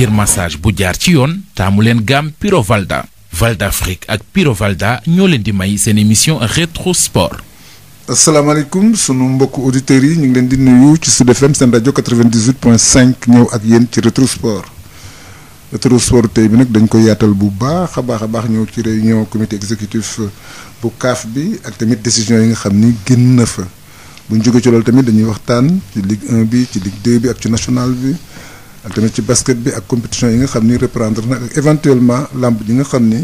ngir massage bu jaar ci yoon taamu leen gaam Piro Valda Valda Afrique ak Piro Valda ñoo leen di may seen émission rétro sport. asalaamaaleykum sunu mbokk auditeurs yi ñu ngi leen di nuyu ci Sud FM seen rajo 98.5 ñëw ak yéen ci rétro sport rétro sport tey bi nag dañ ko yaatal bu baax a baax a baax ñëw ci réunion comité exécutif bu CAF bi ak tamit décision yi nga xam ni génn na fa bu ñu jógee ci loolu tamit dañuy waxtaan ci Ligue 1 bi ci Ligue bi ak ci national bi. ak tamit ci basket bi ak compétition yi nga xam ni reprendre na ak éventuellement lamb ji nga xam ni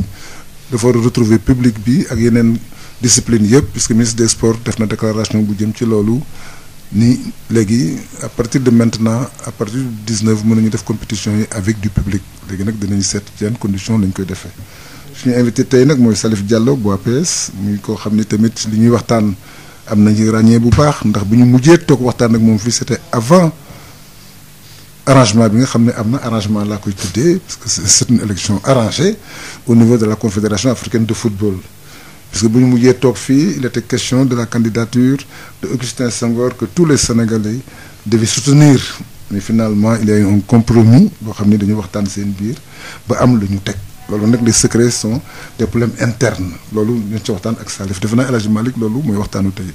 dafa war a retrouver public bi ak yeneen discipline yëpp puisque ministre des sports def na déclaration bu jëm ci loolu ni léegi à partir de maintenant à partir du 19 mën nañu def compétition yi avec du public léegi nag dinañu seet ci yan condition lañ koy defee. suñu invité tey nag mooy Salif Diallo bu APS muy koo xam ni tamit li ñuy waxtaan am nañu ràññee bu baax ndax bu ñu mujjee toog waxtaan ak moom fii c'était avant. arrangement bi nga xam ne am na arrangement laa koy tuddee parce que c'est une élection arrangée au niveau de la confédération africaine de football parce que bu ñu mujjee toog fii il était question de la candidature de Augustin Senghor que tous les Sénégalais devaient soutenir mais finalement il y a un compromis boo xam ne dañu waxtaan seen biir ba am lu ñu teg loolu nag les secrets sont des problèmes internes loolu ñu ci waxtaan ak Salif defe naa El Hadj Malick loolu mooy waxtaan tey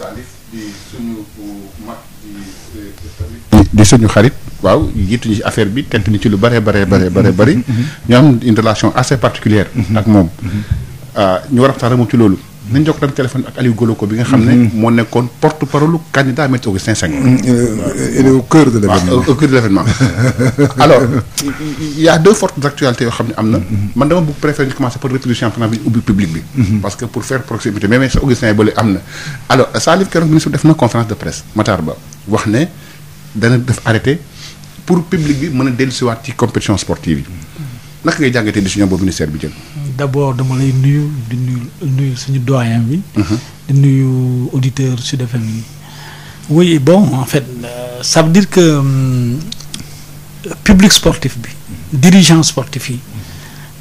a di suñu eh, di. di xarit. waaw jiituñu ci affaire bi tentu ni ci lu bëree bëree bëree bare mm-hmm. Mm-hmm. ñu am une relation assez particulière mm-hmm. ak moom ah, ñu war a waxtaan ak moom ci loolu. nañ jox tam téléphone ak Aliou Goloko bi nga xam ne. Mhm. moo nekkoon porte parole lu candidat Maître Augustin Senghor. il mm, est euh, euh, au cœur de l'événement au cœur de l'événement alors a yoo xam ne am na. Mhm. man dama bëgg préférer ñu commencer par revue du bi ubbi public bi. Mhm. parce que pour faire proximité même sa Augustin bële am na. alors Salif Keroog ministre def na conférence de presse Matar Ba wax ne dana def arrêté pour public bi mën a dellusiwaat ci compétition sportive yi. naka ngay jàngatee décision boobu bi jël. d'abord dama lay nuyu di nuyu nuyu suñu doyen bi. Mhm. di nuyu auditeur Sud FM nii oui bon en fait euh, ça que euh, public sportif bi dirigeant sportif yi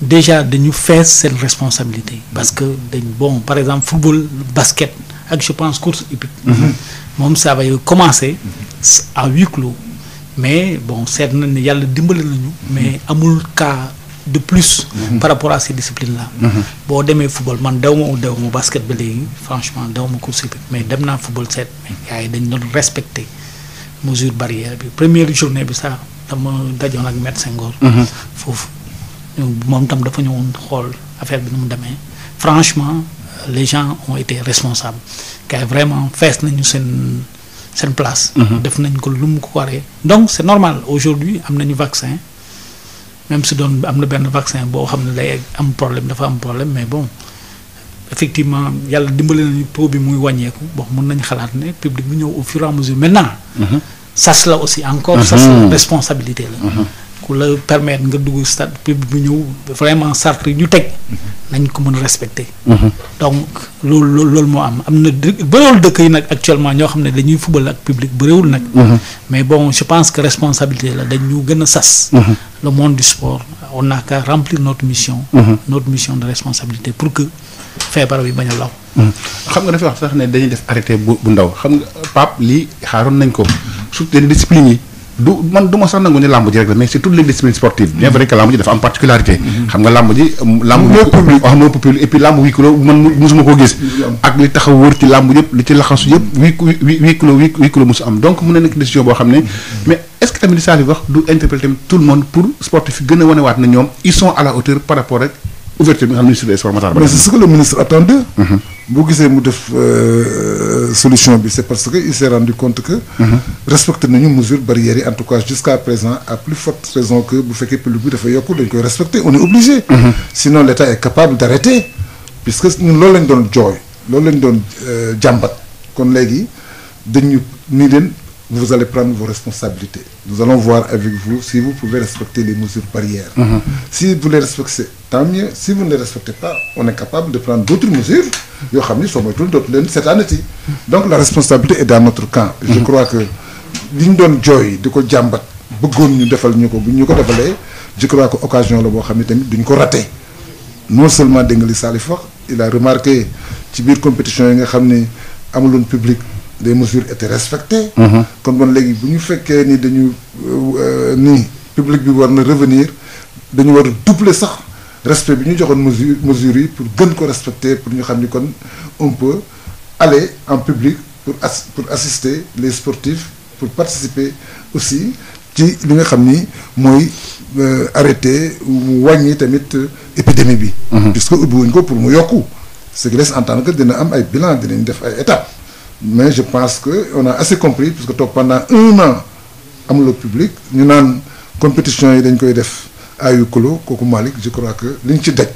déjà dañu fees seen responsabilité. parce que dañ bon par exemple football basket ak je pense course hippique. Mhm. moom sa va commencer à huis clos mais bon seet na ne yàlla dimbali nañu. mais mhm. amul cas. de plus. par rapport à ces disciplines là. boo demee football man daw ma daw ma basket ba léegi franchement daw ma ko yi dañ doon respecté bi première journée bi sax dama dajoon ak médecin Ngor. foofu moom tam dafa ñëwoon xool affaire bi nu mu demee franchement les gens ont été responsables gars yi vraiment fees nañu seen seen place. Mhm. def nañ ko lu mu ko waree donc c'est normal aujourd'hui am nañu vaccin. même su doon am na benn vaccin boo xam ne day am problème dafa am problème mais bon effectivement yàlla dimbali nañu taux bi muy wàññeeku bon mun nañ xalaat ne public bu ñëw au fur et maintenant. Mhm. sas la aussi encore. sas mhm. la responsabilité la. Mhm. ku la permettre nga dugg stade public bu ñëw vraiment charte ñu teg mhm. nañ ko mën respecter. Mhm. donc loolu loolu loolu moo am am na bëriwul dëkk yi nag actuellement ñoo xam ne dañuy fubal ak public bëriwul nag. Mhm. mais bon je pense que responsabilité la dañ gën a sas. le monde du sport on n'a qu'à remplir notre mission. notre mission de responsabilité pour que feebar bi bañ a law. xam nga dafa wax sax ne dañuy def arrêté bu ndaw xam nga lii xaaroon nañ ko surtout discipline du man duma ma sax nangu ni làmb ji rek la mais c'est toutes les disciplines sportives bien vrai que làmb ji dafa am particularité xam nga làmb ji làmb xam moo populi et puis làmb huis clos gis ak li tax ci làmb yëpp li ci laxasu yëpp huis huis clos huis clos mosu am donc mun na nekk décision boo xam ne mais est-ce que tamit li saa bi wax du interpréter tout le monde pour sportif gën a wanewaat na ñoom ils sont à la hauteur par rapport rek ouverture bi nga xam ne mais c'est ce que ministre attendait. bu gisee mu def euh, solution bi c'est parce que il s'est rendu compte que. respecté nañu mesures barrières yi en tout cas jusqu'à présent à plus forte raison que bu fekkee public bi dafa yokk dañ koy respecter on est obligé. sinon l'État est capable d'arrêter. puisque ñun loolu lañ doon jooy loolu lañ doon euh, jàmbat kon léegi dañu ni leen. vous allez prendre vos responsabilités. Nous allons voir avec vous si vous pouvez respecter les mesures barrières. Mm -hmm. Si vous les respectez, tant mieux. Si vous ne les respectez pas, on est capable de prendre d'autres mesures. Donc la responsabilité est dans notre camp. Je mhm. crois que liñ doon jooy di ko jàmbat bëggoon ñu defal ñu ko bu ñu ko defalee je crois que occasion la boo xam ni tamit duñ ko raté non seulement dégg nga li Salif wax il ci biir compétition yi nga xam ne amuloon public des mesures étaient respectées. Mhm. kon bon léegi bu ñu fekkee ni dañu euh, nii public bi war na revenir dañu war a doubler sax respect bi ñu joxoon mesure mesures yi pour gën ko respecter pour ñu xam ni kon on peut aller en public pour as pour assister les sportifs pour participer aussi ci li nga xam ni mooy euh, arrêter mu wàññi tamit euh, épidémie bi. Mhm. puisque ubbi ko pour mu yokku ce qui laisse entendre que dina am ay bilan dinañ def ay étapes. mais je pense que on a assez compris puisque toog pendant un an amuloo public ñu naan compétition yi dañ koy def à huis kooku Malick je crois que liñ ci daj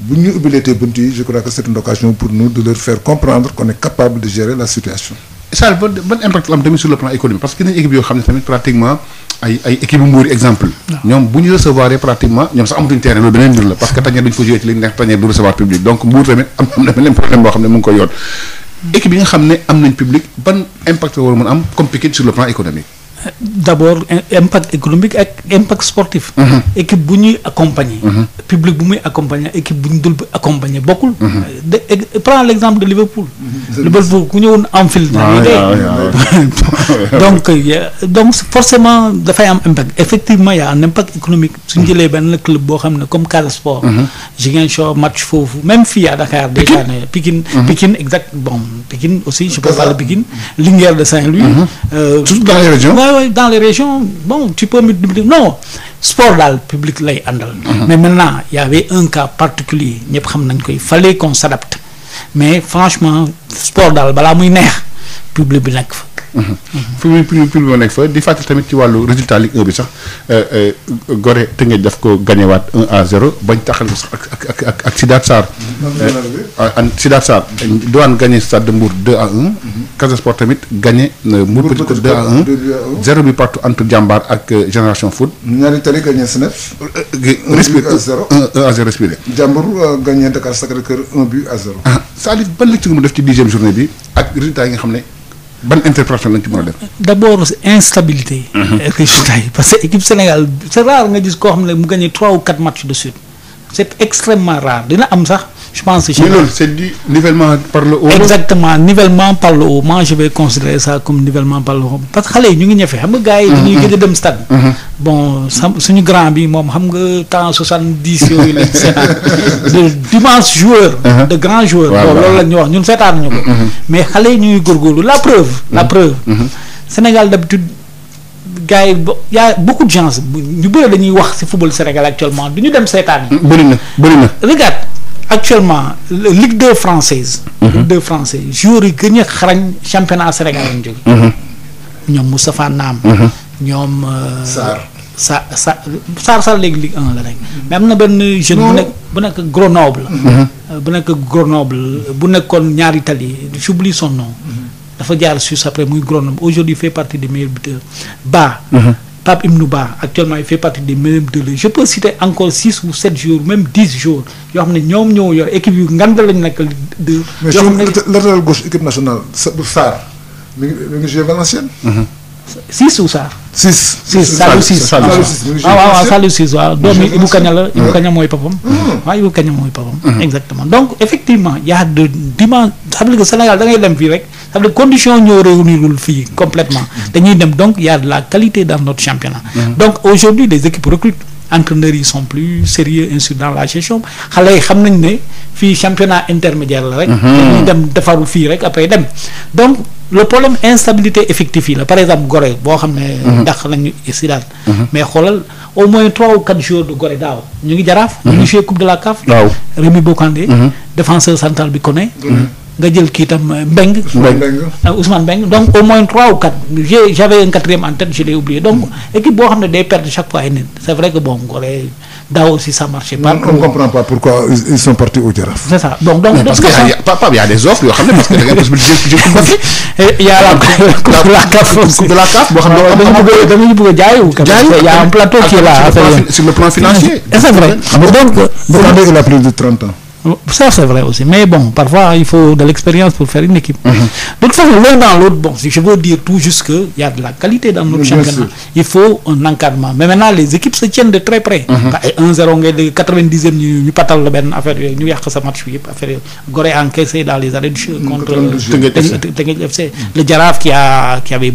bu ñu ubbileetee bunt yi je crois que c'est une occasion pour nous de leur faire comprendre qu'on est capable de gérer la situation. Sall ban ban impact am tamit sur le plan économique parce que nañu équipe yoo xam ne tamit pratiquement ay ay équipe mbuur exemple. ñoom bu ñu recevoir pratiquement ñoom ko joué équipe yi nga xam ne am nañ public ban impact la war a mën am comme Pikine sur le plan économique. d' abord impact économique ak impact sportif. Mhm. équipe bu ñuy accompagner. Mhm. public bu muy accompagner équipe bu ñu dul accompagner bokkul. Mhm. de e, prends l' exemple de Liverpool. Liverpool ku ñëwoon Anfield. waaw waaw donc euh, donc forcément dafay am impact effectivement y' a un impact économique suñ jëlee benn club boo xam ne comme Casa Sport. Ziguinchor match foofu même fii à Dakar. déjà ne Pikine. Pikine exact bon Pikine aussi je peux parler Pikine Linguère de saint waaw dans les régions bon tu peux multiplier non sport daal public lay àndal. Uh-huh. mais maintenant y avait un cas particulier ñëpp xam nañ koy fallait qu'on s'adapte mais franchement sport daal balaa muy neex public bi nekk fa. fu muy prix prix nekk fa di fàttali tamit ci wàllu résultat Ligue 1 bi sax euh, euh, Gorée Tëngéej daf ko gañewaat 1 à 0 bañ taxal ko sax ak ak ak ak Sidaat Sarr. Euh, an Sidaat Sarr. Douane gagné Stade Mbour 2 à 1. Casa Sport tamit gagné Mbour Petite Côte 2 à 1. 0 bi partout entre Jàmbaar ak Génération Foot. ñaari tali gagné SNEF. 1 but à 0 1 à 0 respiré. Jàmbaar gagné Dakar Sacré-Cœur 1 but à 0. ah Salif ban lecture mu def ci dixième journée bi ak résultat yi nga xam ne. ban interprétation lañ ci mën a def. d' instabilité mhm. euh, yi. yi parce que équipe Sénégal c' est rare nga gis koo xam ne mu gagné trois ou quatre matchs de suite c' est extrêmement rare dina am sax. je pense que. mais loolu c'est du nivellement par le haut. exactement nivellement par le haut moi je vais considérer ça comme nivellement par le haut parce que xale yi ñu ngi ñëfe xam nga gars yi. dañuy mm-hmm. gën a dem stade. Mm-hmm. bon sa suñu grand bi moom xam nga temps soixante dix yooyu lañ seetaan de dimanche joueur. Mm-hmm. de loolu la ñu wax ñun seetaan ñu mais xale yi ñu ngi lu la preuve. la preuve. Sénégal d'habitude gars yi y a beaucoup de gens ñu bëri dañuy wax ci football Sénégal actuellement du ñu dem seetaan yi. bëri na bëri actuellement Ligue de française. Mhm. Ligue 2 française joueurs yi gën a xarañ championnat Sénégal lañ jógee. Mhm. ñoom Moustapha Naam. Mhm. ñoom. Euh, Sarr sa sa Sarr Sarr léegi Ligue mais am na benn jeune bu nekk bu nekk Grenoble. Euh, bu nekk Grenoble bu nekkoon ñaari tali j'oublie son nom. dafa jaar Suisse après muy Grenoble aujourd'hui fait partie des meilleurs buteurs ba. Pape ba actuellement il fait partie des meilleurs de je peux citer encore six ou sept jours même dix jours yoo xam ne ñoom ñoo yor équipe yu nganda lañ nekk de. yoo xam ne latéral gauche équipe nationale Sarr mi ngi mi ngi joué Valenciennes. Mhm. six ou Sarr. six six Saliou ah, six Saliou six waaw waaw Saliou six waaw doomi Ibou Kaña la Ibou Kaña mooy papam mhm. waaw Ibou Kaña mooy papam mhm. exactement donc effectivement y a de dimanche xam Sénégal da ngay dem fii rek. ça veut dire condition ñoo réunirul fii complètement dañuy dem donc il y a de la qualité dans notre championnat mm-hmm. donc aujourd'hui les équipes recrutent entraîneurs yi sont plus sérieux ainsi dans la gestion xale yi xam nañ ne fii championnat intermédiaire la rek mm-hmm. dañuy dem defaru fii rek après dem donc le problème instabilité effectif yi la par exemple Gorée boo xam ne ndax lañu si daal mais xoolal au moins trois ou quatre jours de Gorée daaw ñu ngi jaraaf ñu ngi mm-hmm. joué de la CAF Rémi Bocandé bi connaît nga jël kii tam euh, Mbeng. Euh, Ousmane Mbeng donc au moins trois ou quatre j' j'avais un quatrième en tête je l'ai oublié donc hmm. équipe boo xam ne day perdre chaque fois ay nit c' est que bon Gorée daaw aussi ça marchait pas. on comprend pas pourquoi ils sont partis au Jaraaf. c' ça donc donc parce coupe de la CAF boo xam ne dañu bëgg a dañu bëgg a jaayu. jaayu y' a sur le plan financier. c' est vrai donc. bu il a plus de 30 ans. ça c'est vrai aussi mais bon parfois il faut de l'expérience pour faire une équipe mm -hmm. de toute dans l'autre bon si je veux dire tout juste que il y a de la qualité dans notre championnat il faut un encadrement mais les équipes se tiennent de très près ay 1-0 ngay dégg 90e ñu ñu patal la benn affaire yooyu ñu yàq sa match bi yëpp affaire yooyu Gorée encaissé dans les arrêts du jeu mm, contre Teungueth FC mm. le Jaraaf qui a qui avait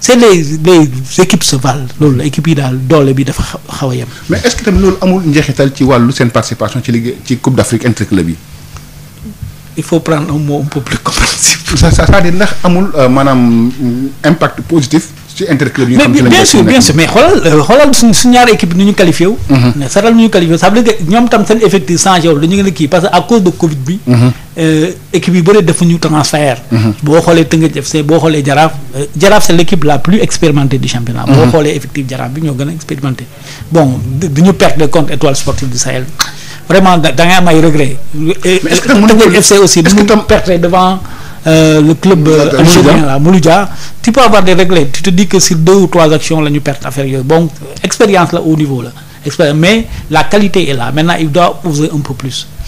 c'est les les équipes se valent loolu la équipe yi daal doole bi dafa xaw a yem. mais est-ce que tamit loolu amul njeexital ci wàllu seen participation ci ligue ci Coupe d'Afrique interclub yi. il faut prendre un mot plus compréhensible. ça ça cest ndax amul euh, maanaam mm, impact positif. ci interclub yi nga xam bien sûr bien sûr mais xoolal euh, xoolal suñ suñ équipe nu ñu qualifié wu. Mhm. que tam seen effectif changé wu dañu ngi kii parce à cause de Covid bi. Mhm. Euh, équipe yu bëri defuñu transfert. Mhm. boo xoolee Teungueth FC boo xoolee Jaraaf euh, Jaraaf c' est la plus expérimentée du championnat. Mhm. boo xoolee effectif Jaraaf bi ñoo gën a expérimenté bon du ñu perte de compte étoile sportive du Sahel vraiment da ngay am ay regret. mais est ce que Teungueth FC aussi est ce que tam perte euh, la ñu perte affaire yooyu bon expérience la au niveau la mais la qualité est là maintenant il doit oser un peu plus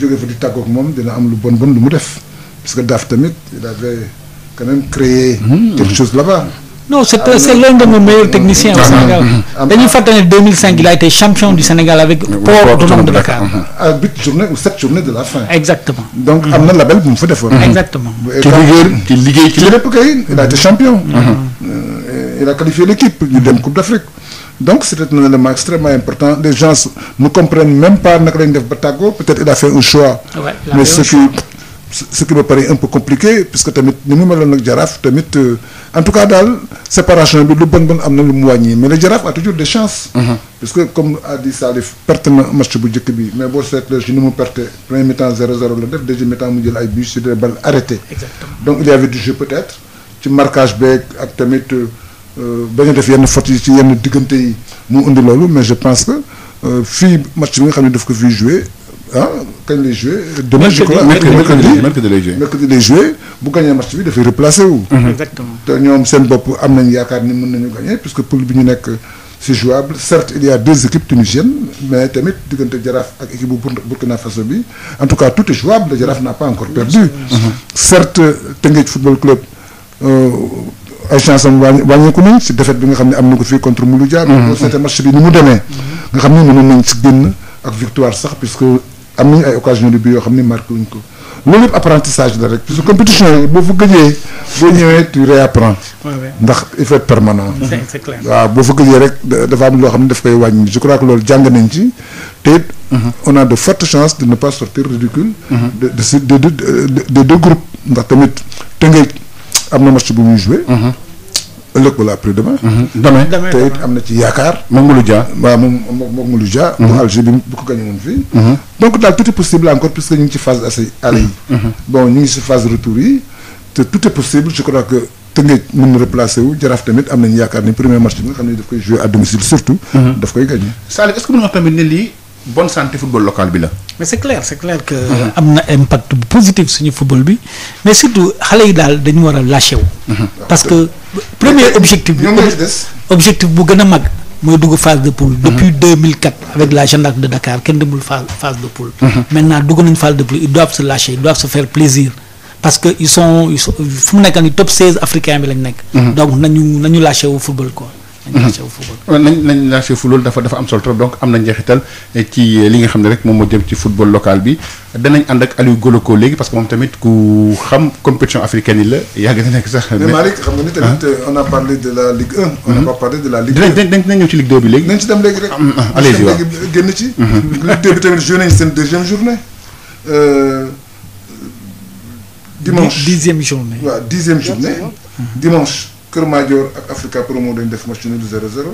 jóge fa di tàggoog moom dina am lu bon bon lu mu def parce que daaf tamit il avait quand même créé. Hmm. quelque chose là-bas. non c' est c' est l'un de nos meilleurs techniciens au ah, Sénégal. Ah, ah. dañuy fàttali ne il a été champion du Sénégal avec. port du nom de Dakar. à huit journées ou sept journées de la fin. exactement donc am na hmm. label bu mu fa exactement. ci liggéey ci liggéey ci lépp kay il a été champion. Hmm. Euh, il a qualifié l'équipe ñu dem Coupe d'Afrique donc c'était un élément extrêmement important les gens ne comprennent même pas naka lañ def ba peut-être il a fait un choix ouais, mais ce qui ce qui me paraît un peu compliqué puisque tamit ni mu meloon ak Jaraaf tamit euh, en tout cas daal séparation bi lu bon am na lu mu wàññi mais le Jaraaf a toujours des chances mm-hmm. parce que comme a dit Salif perte na match bu njëkk bi mais boo seetloo si ni mu perte premier mi tamit euh, Euh, bañ a def yenn fautes yi ci yenn diggante yi mu indi loolu mais je pense que euh, fii match bi nga xam ne daf ko fiy joué ah kañ lay joué. demain je crois mercredi mercredi lay joué mercredi lay joué bu gagné match bi dafay mm-hmm. seen bopp am nañ yaakaar ni mën nañu gagné puisque poule bi ñu nekk c'est jouable certes il y a deux équipes tunisiennes mais tamit diggante Jaraaf ak équipe bu Burkina Faso bi en tout cas tout est jouable Jaraaf n'a pas encore perdu. Mm-hmm. certes Teungueth football club. Euh, ay chance am wàññeeku nañ si défaite bi nga xam ne am na ko fii contre Mouloudia. boo seetee match bi ni mu demee. nga xam ne mënoon nañ si génn ak victoire sax puisque am nañu ay occasion de but yoo xam ne marqué wuñ ko loolu yëpp apprentissage la rek parce que compétition yi boo fa gëjee boo ñëwee tu réapprends. ndax il faut être permanent. c'est clair waaw boo fa gëjee rek dafa am loo xam ne daf koy wàññi je crois que loolu jàng nañ ci te it on a de fortes chances de ne pas sortir ridicule. de de de de deux am na match bu muy joué. Mhm. ëllëg wala après demain. Mhm. demain demain te it am na ci yaakaar. moom Moulou Dia waaw moom moom Moulou Dia. Mhm. bu Alger bi bu ko gagné woon fii. donc daal tout est possible encore puisque ñu ngi ci phase assez aller yi. bon ñu ngi si phase retour yi te tout est possible je crois que. Tëngéej mën na replacé wu jaraaf tamit am nañu yaakaar ni premier match bi nga xam ne daf koy joué à domicile surtout. daf koy gagné. Salif est-ce que mën nga wax tamit ne lii. bonne santé football local bi la. mais c'est clair c'est clair que. Mhm. am na impact bu positif suñu football bi mais surtout xale yi daal dañu war a lâché wu. Mhm. parce que premier objectif. bi objectif bu gën a mag. mooy dugg phase de poule. Mhm. depuis avec la gendarme de Dakar kenn demul phase phase de poule. maintenant dugg nañ phase de poule ils doivent se lâcher ils doivent se faire plaisir. parce que ils sont fu mu nekk nii top africain bi lañ nekk. donc nañu nañu lâché nañ nañ lancé fu loolu dafa dafa am solo trop donc am na njeexital eh, ci eh, li nga xam ne rek moom moo jëm ci football local bi danañ ànd ak Aliou Goloko léegi parce que moom tamit ku xam compétition africaine yi la yàgg na nekk sax. mais Malick xam nga ni tamit ah. a parlé de la Ligue 1. on n'a mhm. pas parlé de la Ligue 2 dinañ dinañ ñëw ci Ligue 2 bi léegi. nañ ci dem léegi rek. Ah, allez-y génn ci. Mhm. Ligue 2 bi tamit joué nañ seen deuxième journée. Euh, dimanche dixième journée dimanche. Kër Madior ak Africa Promo dañu def match nul 0-0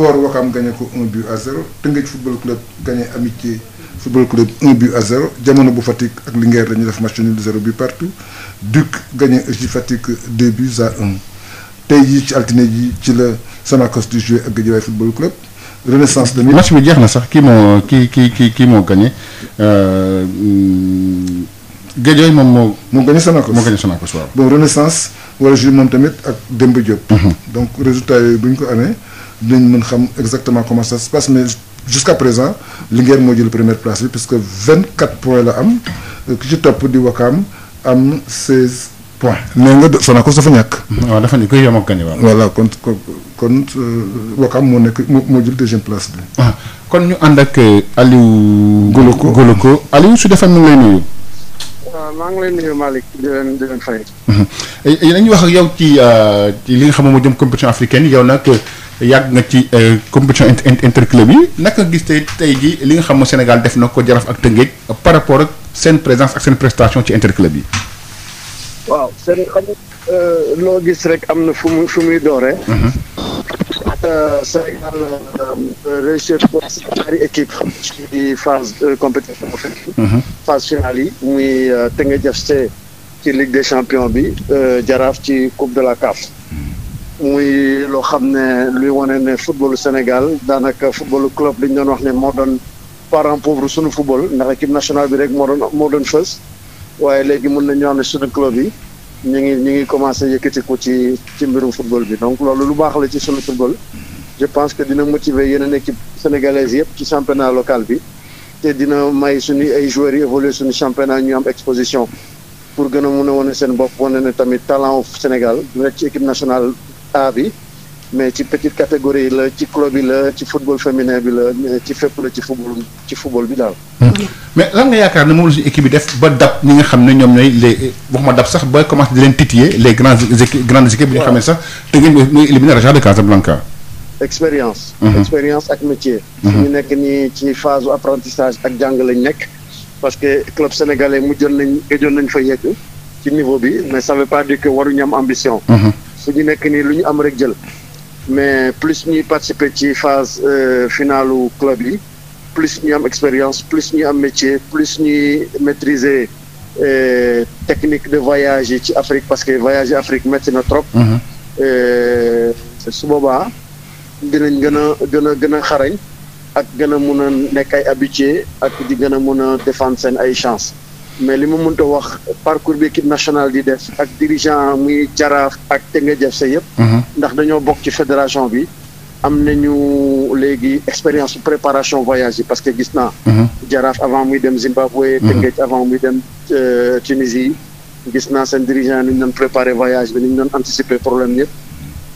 Port Wakam gagné ko 1 but à 0 Tëngéej football club gagné Amitié football club 1 but à 0 Jamono bu Fatick ak Linguère dañu def match nul 0 bi partout Duc gagné EJ Fatick 2 buts à 1 tey jii ci altine ji ci la Sonacos di joué ak Guédiawaye football club Renaissance de. match bi jeex na sax kii moo kii kii kii kii moo gagné. Euh, hmm, Guédiawaye moom moo. moo gagné Sonacos moo gagné Sonacos waaw. bon renaissance wala jur moom tamit ak Demba Diop. Mhm. donc résultat yooyu bu ñu ko amee dinañ mën xam exactement comment ça se passe mais jusqu'à présent Linguère moo jël première place bi puisque 24 points la am euh, ki ci topp di Wakam am 16 points. nee nga Sonacos dafa ñàkk. waaw dafa ni koy yom ak gagné waaw. voilà kon kon euh, Wakam moo nekk moo jël deuxième place bi. Ah, kon ñu ànd ak euh, Aliou. Goloko Goloko Aliou su defee mu waaw maa ngi lay nuyu Malick di leen di leen fay. yéen mhm. eh, eh, ñu wax ak yow ci euh, ci li nga xam moo jëm compétition africaine yow nag euh, yàgg nga ci euh, compétition inter interclub yi naka gis tey tey jii li nga xam ne Sénégal def na ko jaraf ak Tëngéej par rapport ak seen présence ak seen prestation ci interclub yi. waaw seen xam loo gis rek am na fu mu fu muy dooree. Mhm. Euh, Sénégal euh, euh, réussir ñaari équipe ci phase de compétition mhm. phase finale yi muy Teungueth FC ci Ligue des champions bi Jaraaf ci Coupe de la CAF mhm. muy loo xam ne luy wane ne footballu Sénégal daanaka footballu club li ñu doon wax ne moo doon parent pauvre suñu football ndax équipe nationale bi rek moo doon moo doon fës waaye léegi mën nañu wax suñu club yi ñu ngi ñu ngi commencé yëkkati ko ci ci mbirum football bi donc loolu lu baax la ci sunu football je pense que dina motiver yeneen équipe sénégalaise yëpp ci championnat local bi te dina may suñu ay joueurs yi évoluer suñu championnat ñu am exposition pour gën a mun a wane seen bopp wane ne tamit talent Sénégal du rek ci équipe nationale A bi mais ci petite catégorie la ci club bi la ci football féminin bi la ci fépp la ci football ci football bi daal. Hmm. mais lan nga yaakaar ne moom suñu équipe bi def ba dab ñi nga xam ne ñoom ñooy les ma dab sax ba commencé di leen titiller les grandes équipes bi nga xam ne sax te ngeen mooy éliminer Raja de Casablanca. expérience. Hmm. expérience ak métier. Hmm. ñu nekk nii ci phase apprentissage ak jàng lañ nekk. parce que club mu mujjoon nañ gëjoon nañ fa yegg ci niveau bi mais ça veut pas dire que waruñu am nii lu ñu am rek jël. mais plus ñuy participer ci phase euh, finalu club yi plus ñuy am expérience plus ñuy am métier plus ñuy maîtriser euh, technique de voyage yi ci Afrique parce que voyage Afrique métti na trop. Mhm. Euh, su boobaa dinañ gën a gën a gën a xarañ ak gën a mun a nekk ay habitué ak di gën a mun a défendre seen ay chance mais li ma mënta wax parcours bi équipe nationale bi def ak dirigeant muy jaraaf ak Teungueth FC yëpp. Mhm. ndax dañoo bokk ci fédération bi. am nañu léegi expérience préparation voyage yi parce que gis naa. Mhm. jaraaf avant muy dem Zimbabwe. Mhm. Teungueth avant muy dem euh, Tunisie. gis naa seen dirigeant ni noon doon préparer voyage bi ni ñu doon anticiper problème yëpp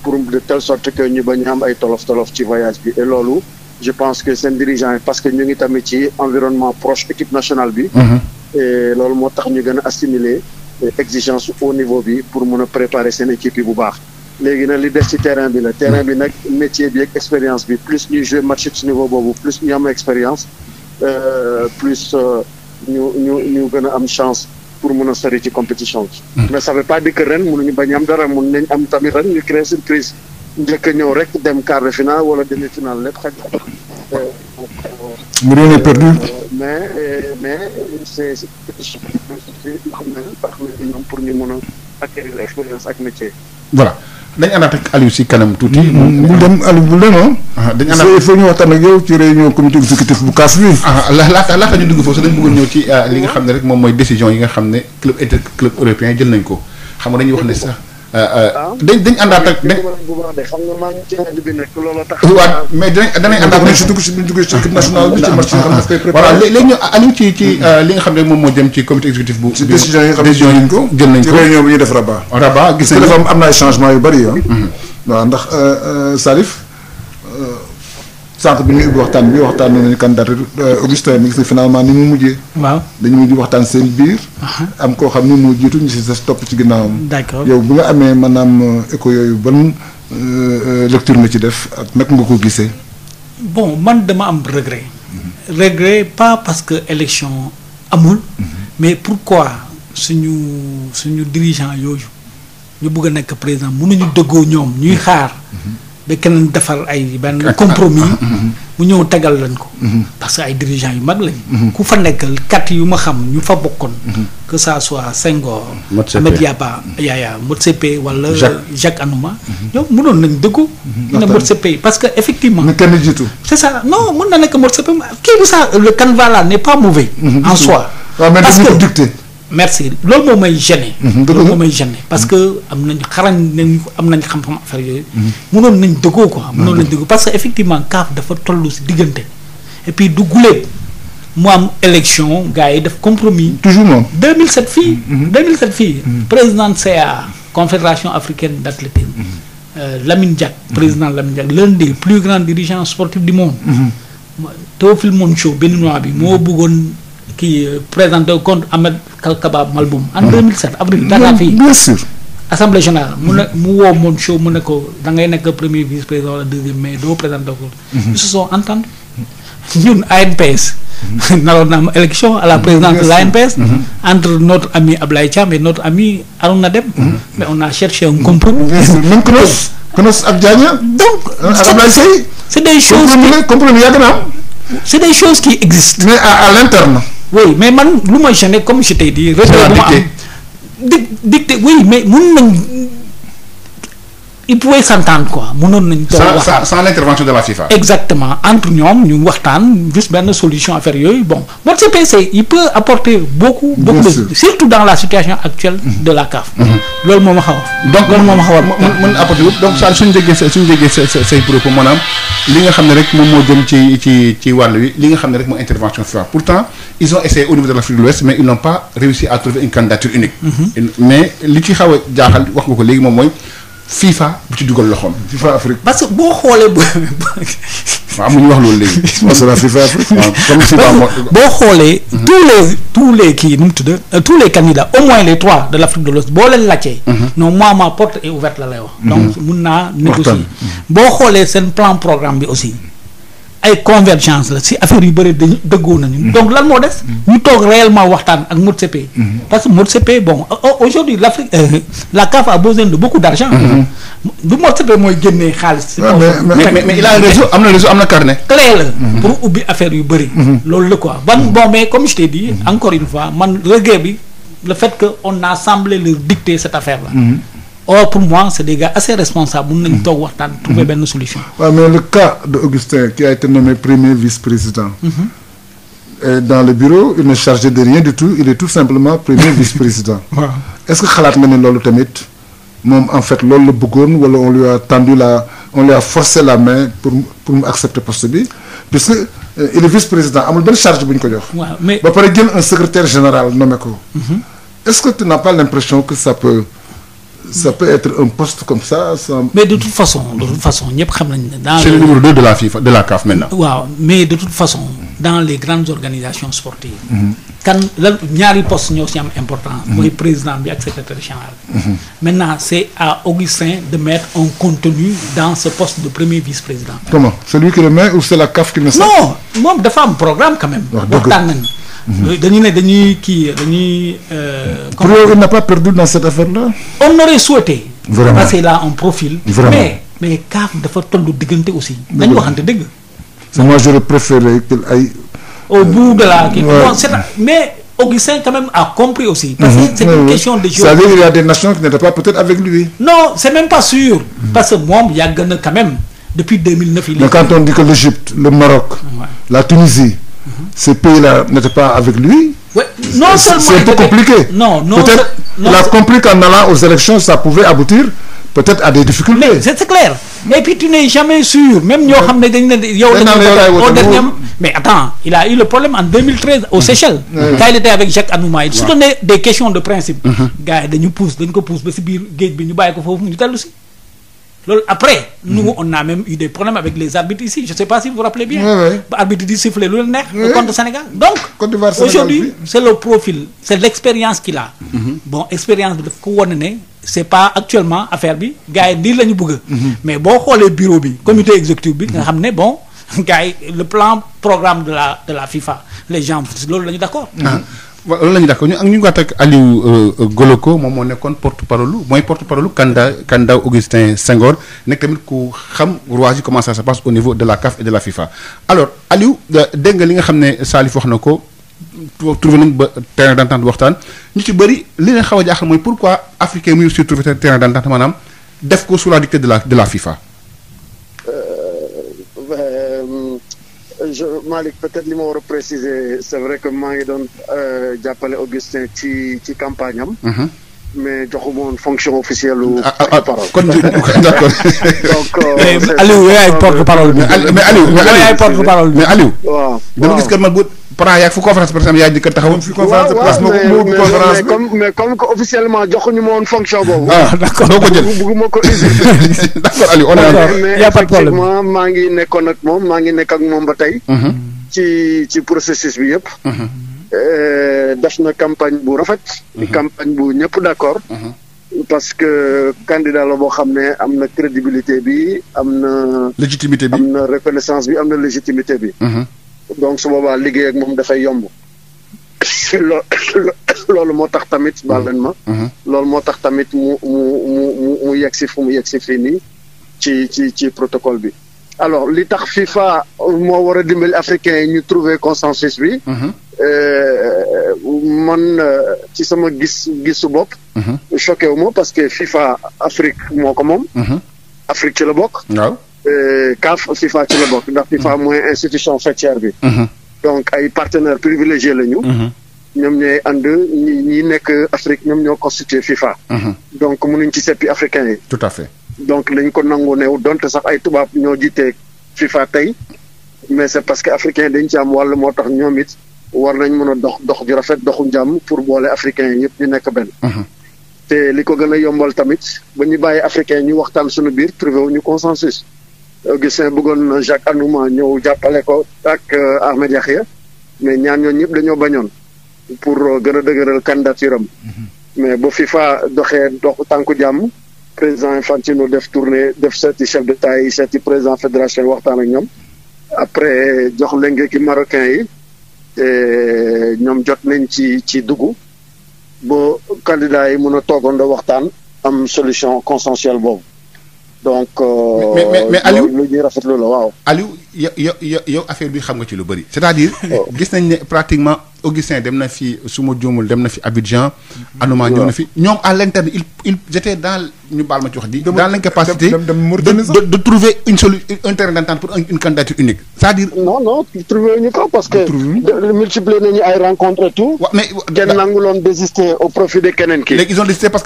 pour de telle sorte que ñu bañ am ay tolof tolof ci voyage bi e loolu je pense que seen dirigeant yi parce que ñu ngi tamit ci environnement proche équipe bi. et loolu moo tax ñu gën a assimiler euh, exigence au niveau bi pour mun a préparer seen équipe yi bu baax. léegi nag li def ci terrain bi la terrain bi nag métier bi ak expérience bi plus ñuy jouer match ci niveau boobu plus ñu am expérience euh, plus euh, ñu ñu ñu gën a am chance pour mun a sori ci compétition bi. Hmm. mais ça veut pas dire ren ren mënuñu bañ am dara mun nañ am tamit ren ñu créer surprise njëkk a ñëw rek dem quart de finale wala demi finale lépp xaj. bu doon perdu. mais euh, mais est xam ne baax na ñoom pour ñu mën a acquérir expérience ak métier. voilà dañ àndaat ak Aliou si kanam tuuti. bu mm-hmm. dem Aliou bu demoon. Ah. Ah, dañ àndaat il ñu waxtaan ak yow ci réunion comité exécutif bu CAF bi. Ah, laata laata ñu dugg foofu sax dañ bëggoon ñëw ci euh, li nga xam ne rek moom mooy décision yi nga xam ne club inter club européen jël nañ ko xam nga dañuy wax ne sa Euh, euh, dañ dañ àndaat ak dañ. xam nga maa ngi ci rajo bi mais dinañ danañ àndaat ak. surtout si duñ ñu Aliou ci ci hmm. euh, li nga xam ne moom moo jëm ci comité exécutif bu. ci décision yi nga xam ne jël nañ ko jël ko ci réunion bi ñuy def Rabat. Oh, Rabat gis ko dafa am na ay changements yu bëri ah. Hmm. waaw ndax Salif. sànq bi ñu ubbi waxtaan bi waxtaan nañu candidat euh, Augustin mi ngi si finalement ni mu mujjee. waaw dañu mujj waxtaan seen biir. am koo xam ni moo jiitu ñu si sa topp ci ginnaawam. d'accord yow bi nga amee maanaam euh, écho yooyu ban euh, lecture nga ci def ak naka nga ko gisee. bon man dama am regret. Mhm. regret pas parce que élection amul. Mhm. mais pourquoi suñu suñu dirigeant yooyu ñu bëgg a nekk président mënuñu dëggoo ñoom ñuy mhm. xaar. ba keneen defar ay benn compromis mu ñëw tegal lañ ko mm-hmm. parce que ay dirigeants yu mag lañ mm-hmm. ku fa nekk kat yu ma xam ñu fa bokkoon mm-hmm. que ça soit Senghor Ahmed Yaba Yaya Motsepe wala Jacques Anouma ñoom mënoon nañ dëggu ne Motsepe parce que effectivement na kenn jiitu c'est ça non mën na nekk Motsepe kii du ça le canevas là pas mauvais en soi parce que merci loolu moo may gêné. parce mhm. que am nañ xarañ nañ am nañ xam-xam affaire yooyu. mënoon mhm. nañ dëggoo quoi. mënoon mhm. nañ dëggoo parce que effectivement kaaf dafa toll si diggante. et puis du guléet mu am élection gars yi compromis. toujours moom fii. président CA confédération africaine d' athlétisme. Euh, Lamine Diack. président Lamine Diack l'un des plus grands dirigeants sportifs du monde. Théophile Moncho béninois bi moo bëggoon. kii euh, présenté contre Ahmed Kalkaba Malboum. en 2007 mm. avril. Dakar mm, fii bien sûr. assemblée générale mu ne mu woo moon show mu ne ko da nekk premier vice président la deuxième mais doo présenté mm-hmm. mm-hmm. la présidence de l'ANPS. Mm-hmm. notre ami Ablaye Thiam et notre ami Arouna Deme. mais on a cherché un compromis. même Konos Konos ak donc euh, Ablaye Seye. c'est des choses compromis yàgg c'est des choses qui existent. mais à l'interne. oui mais man lu ma gêné comme je t'ai dit. dicté bu ma am di dicté oui mais mun nañ ils pouvaient s'entendre quoi mënoon nañ sans sans l'intervention de la FIFA. exactement entre ñoom ñu waxtaan juste benn solution affaire yooyu bon bon CPC il peut apporter beaucoup. beaucoup surtout dans la situation actuelle. Mhm. de la CAF. Mhm. loolu moom a xaw a. donc loolu moom a xaw a mën apporter donc saa suñu déggee sa suñu déggee sa say propos maanaam li nga xam ne rek moom moo jëm ci ci ci wàll wi li nga xam ne rek mooy intervention FIFA pourtant ils ont essayé au niveau de l'Afrique de l'Ouest mais ils n'ont pas réussi à trouver une candidature unique. Mhm. mais li ci xaw wax nga ko léegi moom mooy. FIFA bu ci dugal loxoom FIFA Afrique. parce que boo xoolee boo. waaw mu ñu wax loolu léegi. masala FIFA Afrique. boo xoolee. Mhm. tous les tous les kii nu mu tudd euh, tous les candidats au moins les trois de l' Afrique de l'Ouest boo leen laajtee. Mhm. non moi ma porte est ouverte la lay wax. Mhm. donc mun naa négocier. boo xoolee seen plan programme bi aussi. ay convergence la si affaire yu bëri dañu dëggoo nañu. Mm-hmm. donc lan moo des. Mm-hmm. ñu toog réellement waxtaan ak Motsepe. Mm-hmm. parce que Motsepe bon aujourd'hui l'Afrique euh, la CAF a besoin de beaucoup d'argent. du Motsepe mooy génnee xaalis. mais mais il a réseau am na réseau am na carnet. clé la pour ubbi affaire yu bëri. loolu la quoi ban bon mais comme je t'ai dit encore une fois man regret bi le fait que on a semblé leur dicter cette affaire la or pour moi c'est des gars assez responsables mun nañ toog waxtaan trouver benn solution waaw mm-hmm. mais le cas de Augustin qui a été nommé premier vice-président mm-hmm. dans le bureau il n'est chargé de rien du tout il est tout simplement premier vice-président est-ce que xalaat nga ne loolu tamit moom en fait loolu la bëggoon wala on lui a tendu la on lui a forcé la main pour pour mu accepter poste bi puisque euh, il est vice-président amul benn charge bu ñu ko jox mais ba pare jël un secrétaire général nommé ko mm-hmm. est-ce que tu n'as pas ça peut être un poste comme ça. mais de toute façon de toute façon ñëpp xam nañ ne. dans c'est le numéro 2 de la FIFA de la CAF mais de toute façon dans les grandes organisations sportives. kan lan ñaari poste ñoo si am important. mooy président bi ak secrétaire général. maintenant c'est à Augustin de mettre un contenu dans ce poste de premier vice-président. comment celui qui le ou c'est la CAF qui le met. non moom dafa am programme quand même. Euh, dañuy ne dañuy kii dañuy. Euh, pour yow il n'a pas perdu dans cette affaire-là. on aurait souhaité. vraiment parce qu'il a un profil. vraiment mais mais Kaaf dafa tollu diggante aussi. nañu waxante dëgg. moi j'aurais préféré qu'il aille. au euh, bout de la. mais Augustin quand même a compris aussi. parce mhm. que c'est une question de. cest il y a des nations qui n'étaient pas peut-être avec lui. non c'est même pas sûr. parce que moom yàgg na quand même depuis 2009. il est mais quand on dit que l'Égypte le ce pays-là n'était pas avec lui. non seulement c'est un peu compliqué. Non, non, peut-être il a compris qu'en allant aux élections, ça pouvait aboutir peut-être à des difficultés. Mais c'est clair. Et tu n'es jamais sûr. Même ñoo xam ne dañ ne yow la mais attends, il a eu le problème en 2013 aux mm-hmm. Seychelles. quand il était avec Jacques Anouma. il se donnait des questions de principe. Mm-hmm. gars yi dañu pousse dañ ko pousse ba si biir géej bi ñu bàyyi ko foofu ñu dellu si. loolu après. nous on a même eu des problèmes avec les arbitres ici je sais pas si vous vous rappelez bien. ba arbitre di siffler lu leen neex. contre Sénégal donc. aujourd'hui c'est le profil c'est l'expérience qu'il a. Mhm. bon expérience bi daf ko wane ne. c'est pas actuellement affaire bi gars yi lii la ñu bëgg. Mhm. mais boo xoolee bureau bi comité exécutif bi nga xam ne bon le plan programme de la de la FIFA les gens loolu la ñu d'accord. Ah. waaw loolu la ñu d'accord ñu ak ñu ngi ak Aliou euh, Goloko moom moo nekkoon porte parole mooy porte parole Kanda Kanda Augustin Senghor nekk tamit ku xam rouage yi comment ça passe au niveau de la CAF et de la FIFA alors Aliou euh, dégg nga li nga xam ne Salif wax na ko trouvé nañ ba terrain d'entente waxtaan ñu ci bëri li leen xaw a jaaxal mooy pourquoi africain mu ngi surtout terrain d'entente maanaam def ko sous la dictée de de la FIFA. je Malick peut-être li ma war a préciser c'est vrai que maa ngi doon euh, jàppale Augustin ci ci campagne am. Mhm. mais joxuma woon fonction officielle lu. Ah, ah, ah, porte-parole kon d'accord. donc euh, mais Aliou yaay porte-parole bi. mais Aliou mais Aliou porte-parole mais Aliou. waaw dama gis que man bu. Pra yaag fu conférence par exemple yaa ngi njëkk a taxawoon. waaw waaw mais mais comme mais comme que officiellement joxuñu ma woon fonction boobu. ah d' accord doo ko jël bëgguma ko usé. d' accord Aliou on est. y' a pas de problème mais effectivement maa ngi nekkoon ak moom maa ngi nekk ak moom ba tey. Mhm. ci ci processus bi yëpp. Mhm. Euh, def na campagne bu rafet. Mhm. campagne bu ñëpp d' accord. parce que candidat la boo xam ne am na crédibilité bi am na. légitimité bi am na reconnaissance bi am na légitimité bi. donc su boobaa liggéey ak moom dafay yomb loolu moo tax tamit baal leen mm-hmm. Mm-hmm. loolu moo tax tamit mu mu mu mu yegg si fu mu yeg si fii nii ci ci ci protocole bi alors li tax FIFA moo war a dimbali africain yi ñu trouver consensus bi mm-hmm. euh, man euh, ci sama gis gisu bopp choqué wu parce que FIFA Afrique moo ko moom Afrique ci la bokk Euh, CAF FIFA ci la bokk ndax FIFA mooy institution faîtière bi. Mhm. donc ay partenaires privilégiés la ñu. Mhm. ñoom ñooy ànd ñi ñi nekk Afrique ñoom ñoo constitué FIFA. Mhm. donc mënuñ ci seppi africain yi. tout à fait donc lañ ko nangu neew donte sax ay tubaab ñoo jiitee FIFA tey mais c'est parce que africain dañ ci am wàll moo tax ñoom it war nañ mën a dox dox ju rafet doxu njàmm pour boole africain yi yëpp ñu nekk benn. te li ko gën a yombal tamit ba ñu bàyyi africain ñu waxtaan suñu ñu consensus. Augustin euh, bëggoon Jacques Anouma ñëw jàppale ko ak euh, Ahmed Yaxya mais ñaan ñooñu ñëpp dañoo bañoon pour euh, gën a dëgëral candidature am mhm. mais ba FIFA doxee dox tànku jàmm président Infantino def tournée def seeti chef d'État yi seeti président fédération yi waxtaan ak ñoom après jox lenge ki marocain yi ñoom jot nañ ci ci dugg ba candidat yi mun a toogoon da waxtaan am solution consensuelle boobu donc. Euh, mais mais mais Aliou lu ñuy rafetlu la waaw. Aliou yow affaire bi xam nga ci lu bëri. c'est-à-dire oh. gis nañ ne pratiquement Augustin dem na fi su ma juumul dem na fi Abidjan. Mm-hmm. Anouma ñëw na fi ñoom à l'interne il il j'étais dans ñu baal ma ci wax di. dans l'incapacité de de trouver une solution un terrain d'entente pour une candidature unique. c'est-à-dire. non non trouver ñu parce que. Ah, multiplier nañu ay rencontres tout. mais kenn nanguloon désister au profit de keneen kii. ils ont désisté parce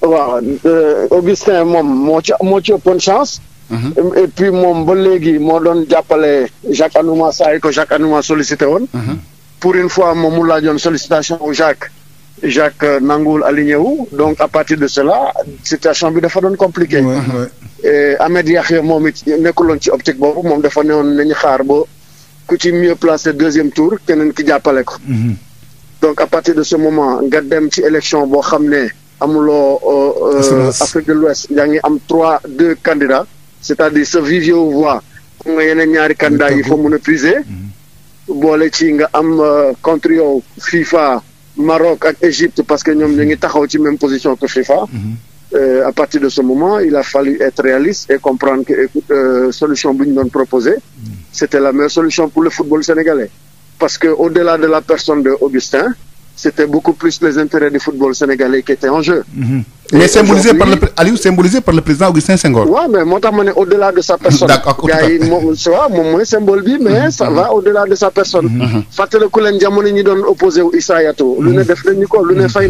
waaw euh, Augustin moom moo ci moo ci ëppoon chance. Mhm. et moom ba léegi moo doon jàppale Jacques Anouma saa yi ko Jacques Anouma sollicité woon. Mhm. pour une fois moom mu laajoon sollicitation wu Jacques. Jacques euh, nanguwul aligné wu donc à partir de cela situation bi dafa doon compliqué. Ahmed Yaxya moom it nekkuloon ci optique boobu moom dafa newoon nañu xaar bo ku ci mieux placé deuxième tour keneen ki jàppale ko. Mhm. donc à partir de ce moment nga dem ci élection boo xam ne. amuloo. Euh, euh, Afrique de l'Ouest yaa ngi am trois deux candidats. c'est-à-dire sa vivier voix am nga yeneen ñaari candidats yi fa mën mm-hmm. boole ci nga am euh, contre yow FIFA Maroc ak Égypte parce que ñoom ñu ngi taxaw ci même position que FIFA. Mm-hmm. à partir de ce moment il a fallu être réaliste et comprendre que solution bu ñu doon proposé. Mm-hmm. c'était la meilleure solution pour le football sénégalais. parce que au-delà de la personne de Augustin. c'était beaucoup plus les intérêts du football sénégalais qui étaient en jeu. Mhm. mais symbolisé symbolisé par le président Augustin Senghor. mais moo tax au delà de sa personne. d'accord gars yi moom waaw moom mooy symbole bi mais mhm. ça va au delà de sa personne. Mhm. fàttaliku leen jamono ñi doon opposé wu Issa Yato. lu ne def nañ ko lu ne fay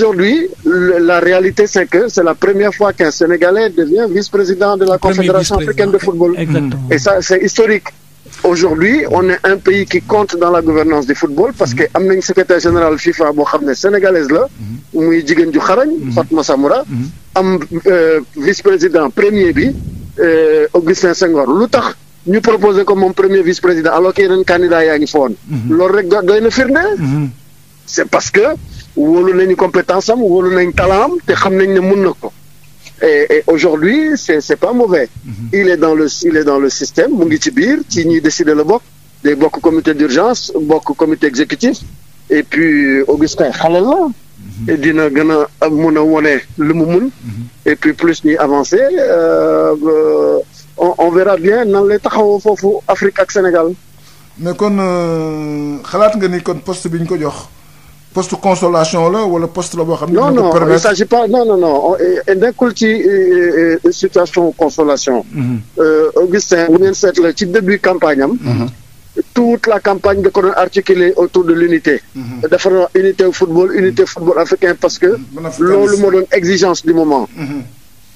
de la réalité c'est la première fois qu'un Sénégalais devient de la confédération de football. et aujourd'hui on est un pays qui compte dans la gouvernance du football parce que am nañ secrétaire général FIFA boo xam ne sénégalaise la mhm. muy jigéen ju xarañ mhm. Fatma Samoura mhm. am euh, vice-président premier bi euh, Augustin Senghor lu tax ñu proposé ko moom premier vice-président alors que yeneen candidat yaa ngi foon loolu rek doy na firnde c'est parce que wóolu nañu compétence am wóolu nañ talent am te xam nañ ne mun na ko et, et aujourd'hui c'est c'est pas mauvais. Mhm. il est dans le il est le système mu ngi ci biir ci ñuy décider la bokk day bokk comité d'urgence bokk comité exécutif et puis Augustin xale la. Mhm. dina gën a mun a wone lu mu mun. Mhm. et puis plus ñuy avancer euh, on, on verra bien nan lay taxawoo foofu Afrique ak Sénégal. mais kon euh, xalaat nga ni kon post bi ñu ko jox. poste consolation la wala post la boo xam ne. non non il s'agit pas non non non nekkul ci situation consolation. Mhm. Euh, Augustin bu ngeen seetla ci début campagne am. Mhm. toute la campagne da ko doon articulée autour de l'unité mhm. dafa doon unité football unité football africain parce que loolu moo doon exigence du moment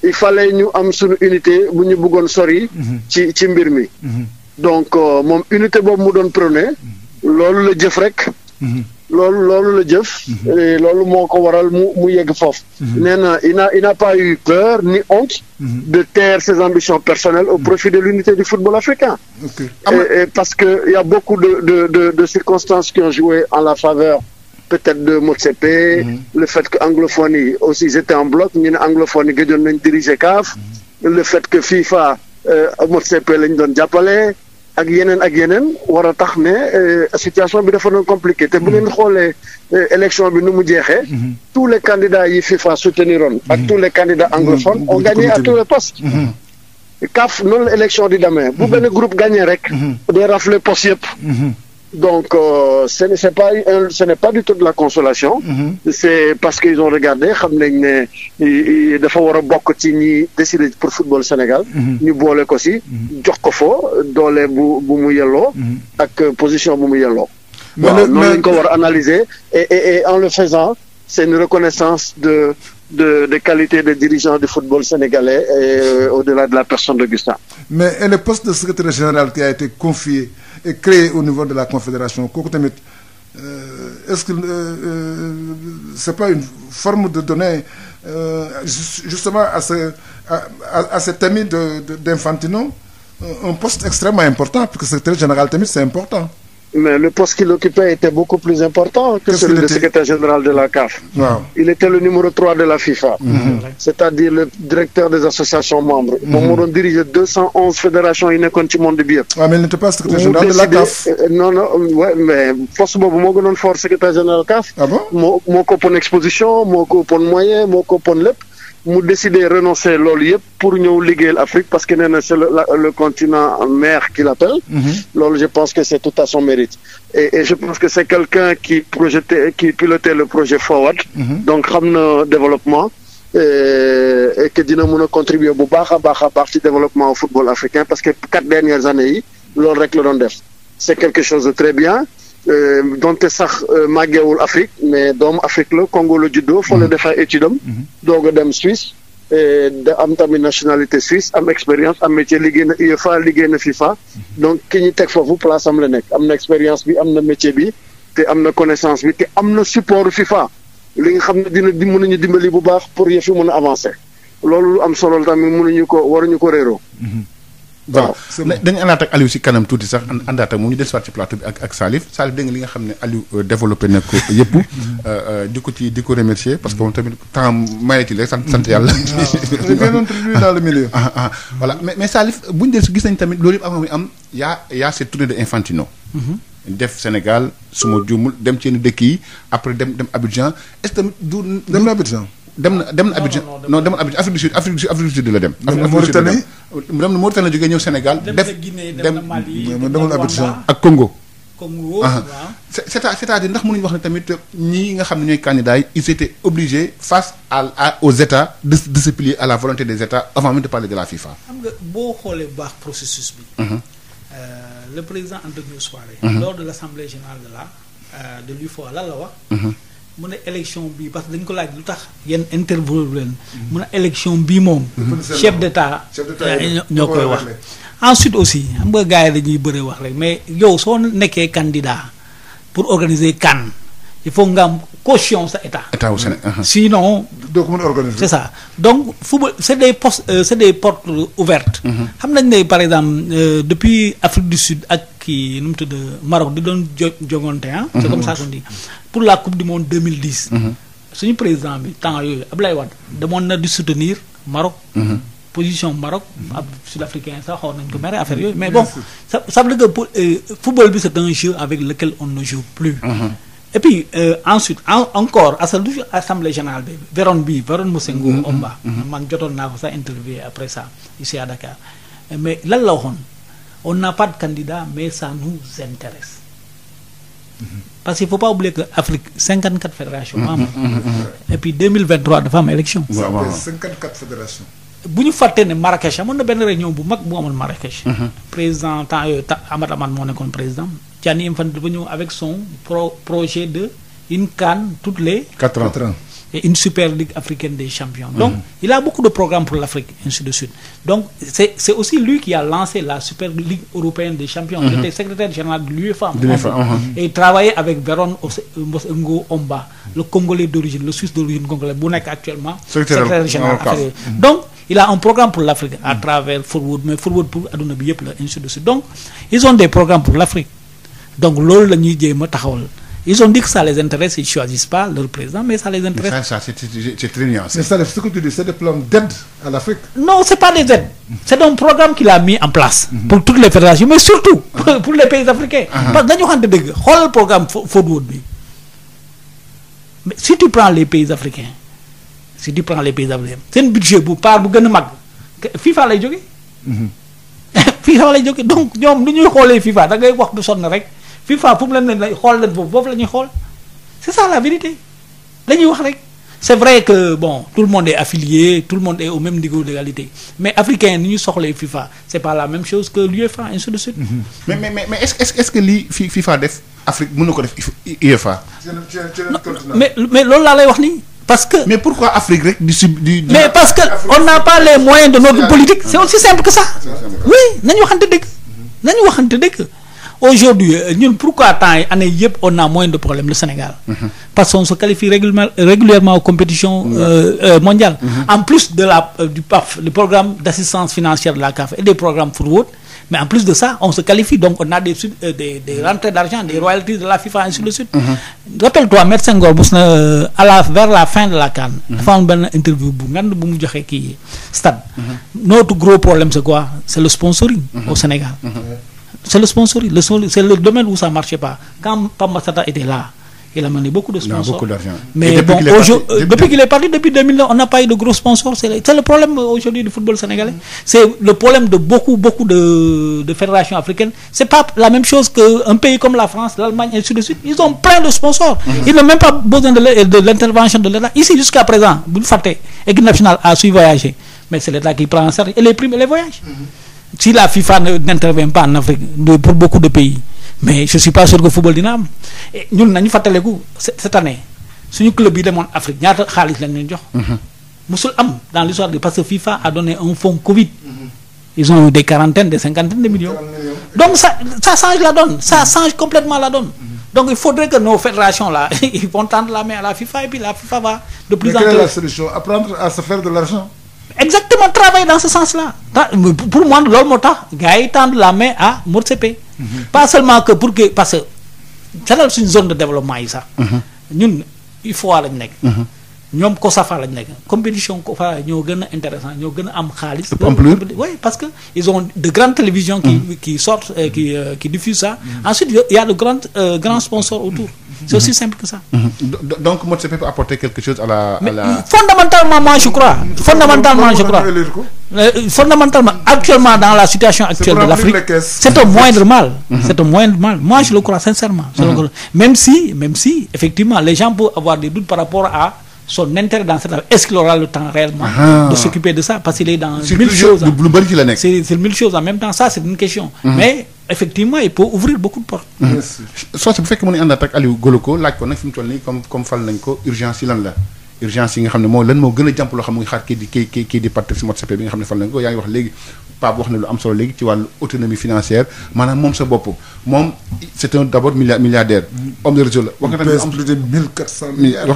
il fallait ñu am suñu unité bu ñu bëggoon sori ci ci mbir mi donc euh, moom unité boobu mu doon prôné loolu la jëf rek loolu loolu la jëf. Mhm. loolu moo ko waral mu mu yegg foofu. Mhm. nee na il n'a pas eu peur ni honte. Mhm. de taire ses ambitions personnelles au profit de l'unité du football africain. Okay. Et, et parce que y a beaucoup de de de de circonstances qui ont joué en la faveur. peut-être de Motsepe. le fait que anglophone yi aussi ils étaient en bloc ñu ne anglophone yi gëjoon nañ diriger CAF. le fait que FIFA euh, Motsepe lañ doon jàppale. ak yeneen ak yeneen war a tax ne euh, situation bi dafa doon compliqué te bu ngeen xoolee euh, élection bi nu mu jeexee. Mhm. tous les candidats yi FIFA souteniroon ak mhm. tous les candidats mhm. anglophones ont gagné à tous les postes. CAF noonu la élection di demee. bu benn groupe gagné rek. day raflé poste yëpp. Donc, euh, ce n'est pas, euh, ce du tout de la consolation. Mm C'est parce qu'ils ont regardé, xam nañ ne dafa war a bokk ci ñi décidé pour football Sénégal. Mhm. ñu boole ko si. Mhm. jox ko foo doole bu bu mu yelloo. Mhm. ak euh, position bu mu yelloo. mais waaw et en le faisant c'est une reconnaissance de. de, qualité des qualités de dirigeant du football sénégalais et euh, au-delà de la personne d'Augustin. Mais et le poste de secrétaire général qui a été confié et créé au niveau de la Confédération kooku tamit euh, est-ce euh, c'est pas une forme de donner justement à ce à à cet ami de d'Infantino un poste extrêmement important parce que secrétaire général tamit c'est important. mais le poste qu'il occupait était beaucoup plus important que celui de secrétaire général de la CAF. Wow. Il était le numéro 3 de la FIFA, mm c'est-à-dire le directeur des associations membres. Mm -hmm. fédérations et ci monde ah, mais il n'était pas secrétaire général de la CAF. Euh, non non ouais, boobu moo gënoon fort secrétaire général CAF. ah bon moo moo ko ëppoon exposition moo ko ëppoon moyen moo ko ëppoon lépp. mu décider renoncer loolu yëpp pour ñëw liggéeyal Afrique parce que nee na c'est le, le continent mère qu'il appelle mhm. loolu je pense que c'est tout à son mérite et, et je pense que c'est quelqu'un qui projetait qui pilotait le projet Forward mhm. donc xam na développement et que dina mën a bu baax a baax a baax ci développement au football africain parce que quatre dernières années yi loolu rek la doon def c'est quelque chose de très bien Euh, donte sax euh, màggeewul Afrique mais doomu Afrique la Congo la juddoo. fa la mhm. def ay am. Mhm. doog a dem Suisse. da am tamit nationalité suisse am expérience am métier liggéey na e liggéey na FIFA mhm. donc ki teg foofu place am la nekk am na expérience bi am na métier bi te am na connaissance bi te am na support FIFA li nga xam ne dina di mën a ñu dimbali bu baax pour yëf fi mën a avancer loolu lu am solo tamit mënuñu ko ñu ko réero waaw dañu àndaat ak Aliou si kanam tuuti sax àndaat ak moom ñu dellusiwaat ci plateau bi ak ak Salif Salif li nga xam ne Aliou euh, développé na ko yëpp euh, euh, di ko ci di ko remercier parce que moom tamit temps mayeti rek sant sant yàlla dans le ah, ah, ah. mais mais Salif buñu del si gis nañ tamit loolu yëpp avant muy am yaa yaa cette tournée de Infantino mm-hmm. def Sénégal su ma juumul dem ci yenn dëkk yi après dem dem Abidjan est-ce que tamit du dem na Abidjan dem na dem na Abidjan non dem na Abidjan Afrique du Sud Afrique du Sud Afrique du Sud la dem. Afrique du Sud la dem na jógee ñëw Sénégal. def dem demoon Abidjan ak Congo. Congo ah. waaw c'est-à-dire ndax mënuñu wax ne tamit ñii nga xam ne ñooy candidats yi ils étaient obligés face à aux états de de se à la volonté des états avant même de parler de la FIFA. boo xoolee baax processus bi. Mhm. Euh, le président Antonio Souare. Mhm. lors de l'assemblée générale de la euh, de l'UFOA la wax. Mhm. mu ne élection bi parce que dañ ko laaj lu tax yenn interview leen mu ne élection bi moom chef d'état ñoo koy wax ensuite aussi xam nga gars yi dañuy bëre wax rek mais yow soo nekkee candidat pour organiser CAN il faut nga am caution sa état état wu Sénégal mm. sinon doo ko mën organiser c'est ça donc football c'est des postes euh, c'est des portes ouvertes mm-hmm. xam nañ ne par exemple euh, depuis Afrique du Sud ak kii nu mu tudd Maroc di doon jo joŋante ah c'est mm-hmm. comme ça pour la coupe du monde 2010. Mhm. suñu président bi temps yooyu Abdoulaye Wade demoon na di soutenir Maroc. Mhm. position Maroc ab sud-africain sax xaw nañ ko mere affaire mais mhm. bon ça ça veut dire que euh, football bi c'est un jeu avec lequel on ne joue plus et puis euh, ensuite encore lu du assemblée générale bi Véron bi Véron Mosengo Omba man jotoon naa ko sax interviewé après ça ici à Dakar mais lan la waxoon on n'a pas de candidat mais ça nous intéresse parce que il faut pas oublier que Afrique 54 fédérations. membres mm-hmm. mm-hmm. mm-hmm. et puis 2023 dafa am élection. waaw 54 fédérations. bu ñu fàttee ne Marrakech amoon na benn réunion bu mag bu amoon Marrakech. président temps yooyu Ahmad Ahmad moo nekkoon président. Gianni Infantino dafa ñëw avec son pro projet de une CAN toutes les. quatre ans. et une super ligue africaine des champions. Mhm. donc mm -hmm. il a beaucoup de programmes pour l'Afrique ainsi de suite donc c'est c'est aussi lui qui a lancé la super ligue européenne des champions. Mhm. était secrétaire général de l'UEFA. Mhm. et il travaillait avec Véron Ngo Omba le congolais d'origine le suisse d'origine congolais bu nekk actuellement. secrétaire général affaire donc. il a un programme pour l'Afrique à travers Forward mais Forward pour adduna bi yëpp la ainsi de suite donc ils ont des la ñuy jéem a taxawal. Ils ont dit que ça les intéresse, ils ne choisissent pas leur président, mais ça les intéresse. Mais ça, ça c'est très nuancé. Mais ça, ce que tu dis, c'est des plans d'aide à l'Afrique Non, ce n'est pas des aides. C'est un programme qu'il a mis en place mm -hmm. pour toutes les fédérations, mais surtout uh ah. -huh. pour, pour, les pays africains. Uh ah. -huh. Parce que nous avons le programme Fodwood. Mais si tu prends les pays africains, si tu prends les pays africains, c'est un budget pour part pour gagner mag. FIFA lay jógee. Mm-hmm. FIFA lay jógee donc ñoom lu ñuy xoolee FIFA da ngay wax du sonn rek. FIFA fu mu leen lay xool leen foofu foofu la ñuy xool c'est ça la vérité dañuy wax rek c'est vrai que bon tout le monde est affilié tout le monde est au même niveau d'égalité mais africain ni ñu soxlee FIFA c'est pas la même chose que l'UEFA ainsi de suite. Mm-hmm. mais mais mais est-ce est-ce est-ce FIFA def Afrique mën na ko def UEFA. mais loolu laa lay wax nii. parce que mais pourquoi Afrique rek du sub du. mais parce que on n'a pas les moyens de aujourd'hui euh, ñun pourquoi temps yi année yëpp on a moins de problèmes le Sénégal. Mhm. parce qu'on se qualifie régulièrement aux compétitions euh, euh, mondiales. Mhm. en plus de la du PAF le programme d'assistance financière de la CAF et des programmes Forward. mais en plus de ça on se qualifie donc on a des sud euh, des des mhm. rentrées d'argent des royalties de la FIFA ainsi de suite. Mm -hmm. rappelle-toi Maître Senghor mos na à la vers la fin de la CAN. dafa am benn interview bu ngand c'est le sponsoring c'est le domaine où ça marchait pas quand Pambasata était là il a mené beaucoup de sponsors. Mais depuis qu'il est parti, depuis 2009, on n'a pas eu de gros sponsors. C'est le, problème aujourd'hui du football sénégalais. C'est le problème de beaucoup, de, de fédérations C'est pas la même chose qu'un pays comme la France, l'Allemagne, et ainsi de suite. Ils ont plein de sponsors. Mhm. Ils n'ont même pas besoin de l'intervention si la FIFA n'intervient pas en Afrique pour beaucoup de pays mais je suis pas sûr que football dina am ñun nañu fàttaleku cette année suñu club yi demoon Afrique ñaata xaalis lañ leen jox. Mhm. musul am dans l'histoire de parce que FIFA a donné un fonds Covid. Mhm. ils ont eu des quarantaines des cinquantaines de millions. donc ça ça change la donne ça mhm. change complètement la donne. donc il faudrait que nos fédérations la main à la la exactement travailler dans ce sens-là pour moi loolu moo tax gars yi tendre la main à Motsepe. Mhm. pas seulement que pour que parce que dalal suñu zone de développement yi sax. Mhm. ñun il faut lañ nekk. Mhm. ñoom COSAFA lañ nekk compétition COSAFA ñoo gën a intéressant ñoo gën a am xaalis. parce que ils ont de grandes télévisions. qui mm. sortent euh, euh, qui diffusent ça. Mm. ensuite il y a de euh, grands sponsors autour. Mm. c'est aussi simple que ça. Mm-hmm. donc Motse peut apporter quelque chose à la fondamentalement moi je fondamentalement actuellement dans la situation actuelle de l'Afrique mm-hmm. Mm-hmm. c'est un moindre mal. c'est le crois sincèrement. même si effectivement les gens peuvent avoir son intérêt dans cette affaire est-ce qu'il aura le temps réellement ah. de s'occuper de ça parce qu'il est dans mille choses lu bëri la nekk c'est mille choses en même temps ça c'est une question mm-hmm. mais effectivement il peut ouvrir beaucoup de portes mm-hmm. soo si bu fekkee mën a àndaat ak Aliou Goloko laaj fi mu toll nii comme fal nañ ko urgence la urgence yi nga xam ne moo lan moo gën a jàmp loo xam mu ngi xaar kii di kii kii di Patrice Motsepe bi nga xam ne fan lañ ko yaa ngi wax léegi Pape wax na lu am solo léegi ci wàllu autonomie financière maanaam moom sa bopp moom c'est un d'abord milliardaire homme de réseau la wax nga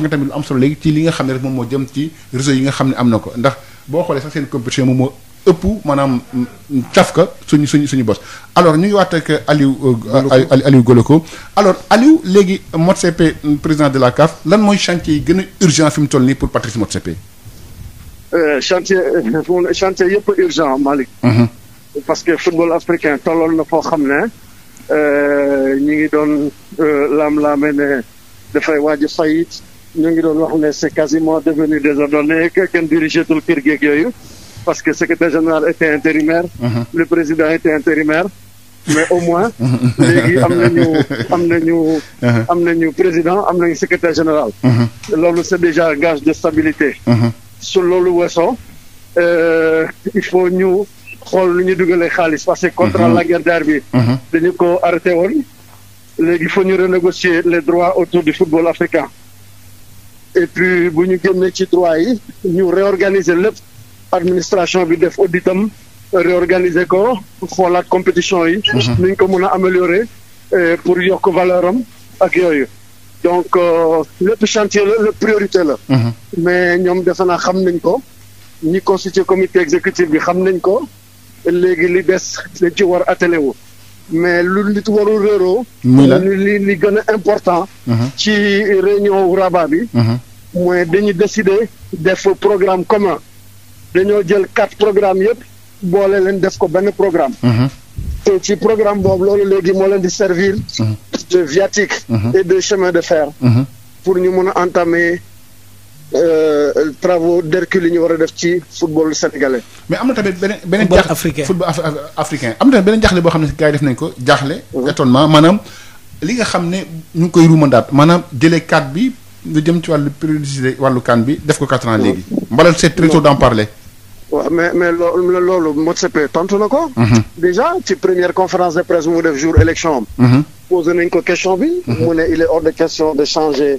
tamit lu am solo léegi ci li nga xam ne rek moom moo jëm ci réseau yi nga xam ne am na ko ndax boo xoolee sax seen compétition moom moo ëpp maanaam caf ka suñu suñu suñu bos alors ñu ngi waat ak Aliou euh, Aliou Goloko alors Aliou léegi Motsepe président de la CAF lan mooy chantier yi gën a urgent fi mu toll nii pour Patrice Motsepe euh, chantier euh, chantier yëpp urgent Malick mhm. parce que football africain tolloon na foo xam ne ñu ngi doon laam-laame ne dafay waaj a fayit ñu ngi doon wax ne c'est quasiment devenu désordonné que kenn dirigeetul kër geeg yooyu parce que le secrétaire général était intérimaire. Uh-huh. le président était intérimaire. mais au moins. Uh-huh. léegi am nañu am nañu. Uh-huh. am nañu président am nañu secrétaire général. loolu c'est déjà gage de stabilité. su loolu weesoo euh, il faut ñu xool lu ñu dugalee xaalis parce que contrat Lagardère bi. dañu ko arrêté woon. léegi il faut ñu renégocier les droits autour du football africain. et puis bu ñu génnee ci droit yi ñu réorganiser lépp. administration bi def auditam réorganiser ko xoolaat compétition yi. Mhm. nuñ ko mën a améliorer euh, pour yokk valeur am ak yooyu. donc euh, lépp chantier la lépp priorité la. Mhm. mais ñoom defe naa xam nañ ko. ñi constitué comité exécutif bi xam nañ ko. léegi li des dañ ci war a attelé mais lu nit warul réeroo. li li gën a important. Mhm. ci réunion wu Rabat bi. mooy dañu décider def programme commun. dañoo jël quatre programmes yëpp boole leen def ko benn programme. Mhm. te ci programme boobu loolu léegi moo leen di servir. Mhm. de viatique. Mhm. et de chemin de fer. pour ñu mën a entamer. Euh, travaux d'Hercule yi ñu war a def ci football sénégalais. mais am na tamit beneen beneen jaaxle africain football africain am na tamit beneen boo xam ne gars yi def nañ ko jaaxle. étonnement maanaam li nga xam ne ñu ngi koy ruumandaat maanaam jëlee cadre bi lu jëm ci wàllu périodicité wàllu kan bi def ko quatre ans léegi. mbalal waaw mais mais loolu loolu Motsepe tontu na ko. Mhm. déjà ci première conférence de presse mu def jour élection am. Mhm. posé question bi. Mhm. il est hors de question de changer.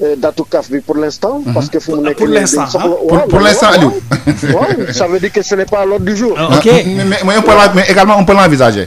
Euh, datu CAF pour l'instant parce que fu mu ah, nekk pour l'instant pour l'instant Aliou. waaw ça veut dire que ce pas à l'ordre du jour. Ah, ok ah, mais mais mais l'envisager.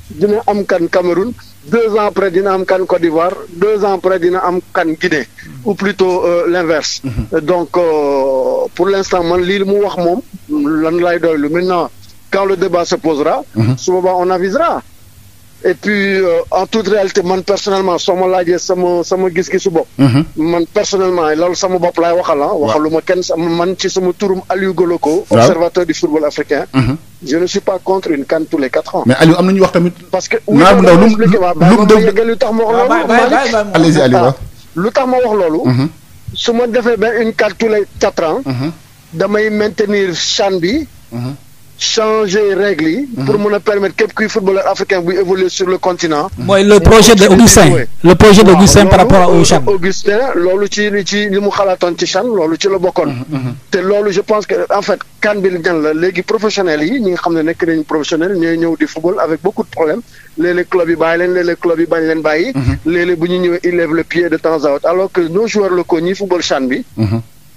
dina am kan Cameroun deux ans après dina am kan Côte d'Ivoire deux ans après dina am kan Guinée ou plutôt euh, l'inverse mhm. donc euh, pour l'instant man lii mu wax moom lan lay doylu maintenant quand le débat se posera mhm. su boobaa on avisera et puis euh, en toute réalité man personnellement soo ma laajee sama sama gis-gisu bopp. Mhm. man personnellement loolu sama bopp laay waxal ah. waxalu ma kenn man ci sama turum Aliou Goloko. observateur du football africain. Mhm. je ne suis pas contre une CAN tous les quatre ans. mais Aliou am na ñu wax tamit. parce que naar bu ndaw lu tax ma wax loolu. allez lu tax ma wax loolu. Mhm. su ma defee benn une CAN tous les quatre ans. damay maintenir CHAN bi. changer règle yi. Mhm. pour mun a permettre képp ku footballeur africain buy évoluer sur le continent. Mhm. mooy le projet de Augustin le projet de par rapport au CHAN. Augustin loolu ci li ci li mu xalaatoon ci CHAN loolu ci la bokkoon. Mhm, te loolu je pense que en fait kan bi gan la léegi professionnels yi ñi nga xam ne nekk nañu professionnel ñooy ñëw di football avec beaucoup de problèmes léeg club yi bàyyi leen léeg-léeg club yi bañ leen bàyyi. léeg-léeg bu ñu ñëwee il lève le pied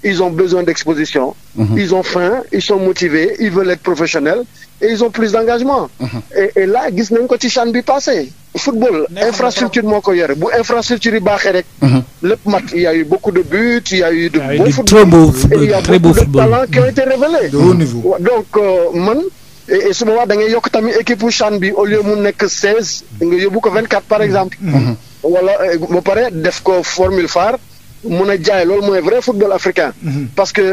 ils ont besoin d'exposition, mmh. ils ont faim, ils sont motivés, ils veulent être et ils ont plus d'engagement. Mhm. et là gis nañ ko ci chan bi passé football infrastructure moo ko yore bu infrastructure yi baaxee rek. Mhm. lépp mat il y eu beaucoup de buts il y a eu de. Il y a eu beau football et il y a beaucoup de talents qui ont été révélés. donc euh, man. et su boobaa da ngay yokk tamit équipe chan bi au lieu mu nekk seize nga yóbbu ko vingt quatre par exemple. Mhm. wala euh, ba pare def ko formule phare. mun a jaay loolu mooy vrai football africain. Mhm. parce que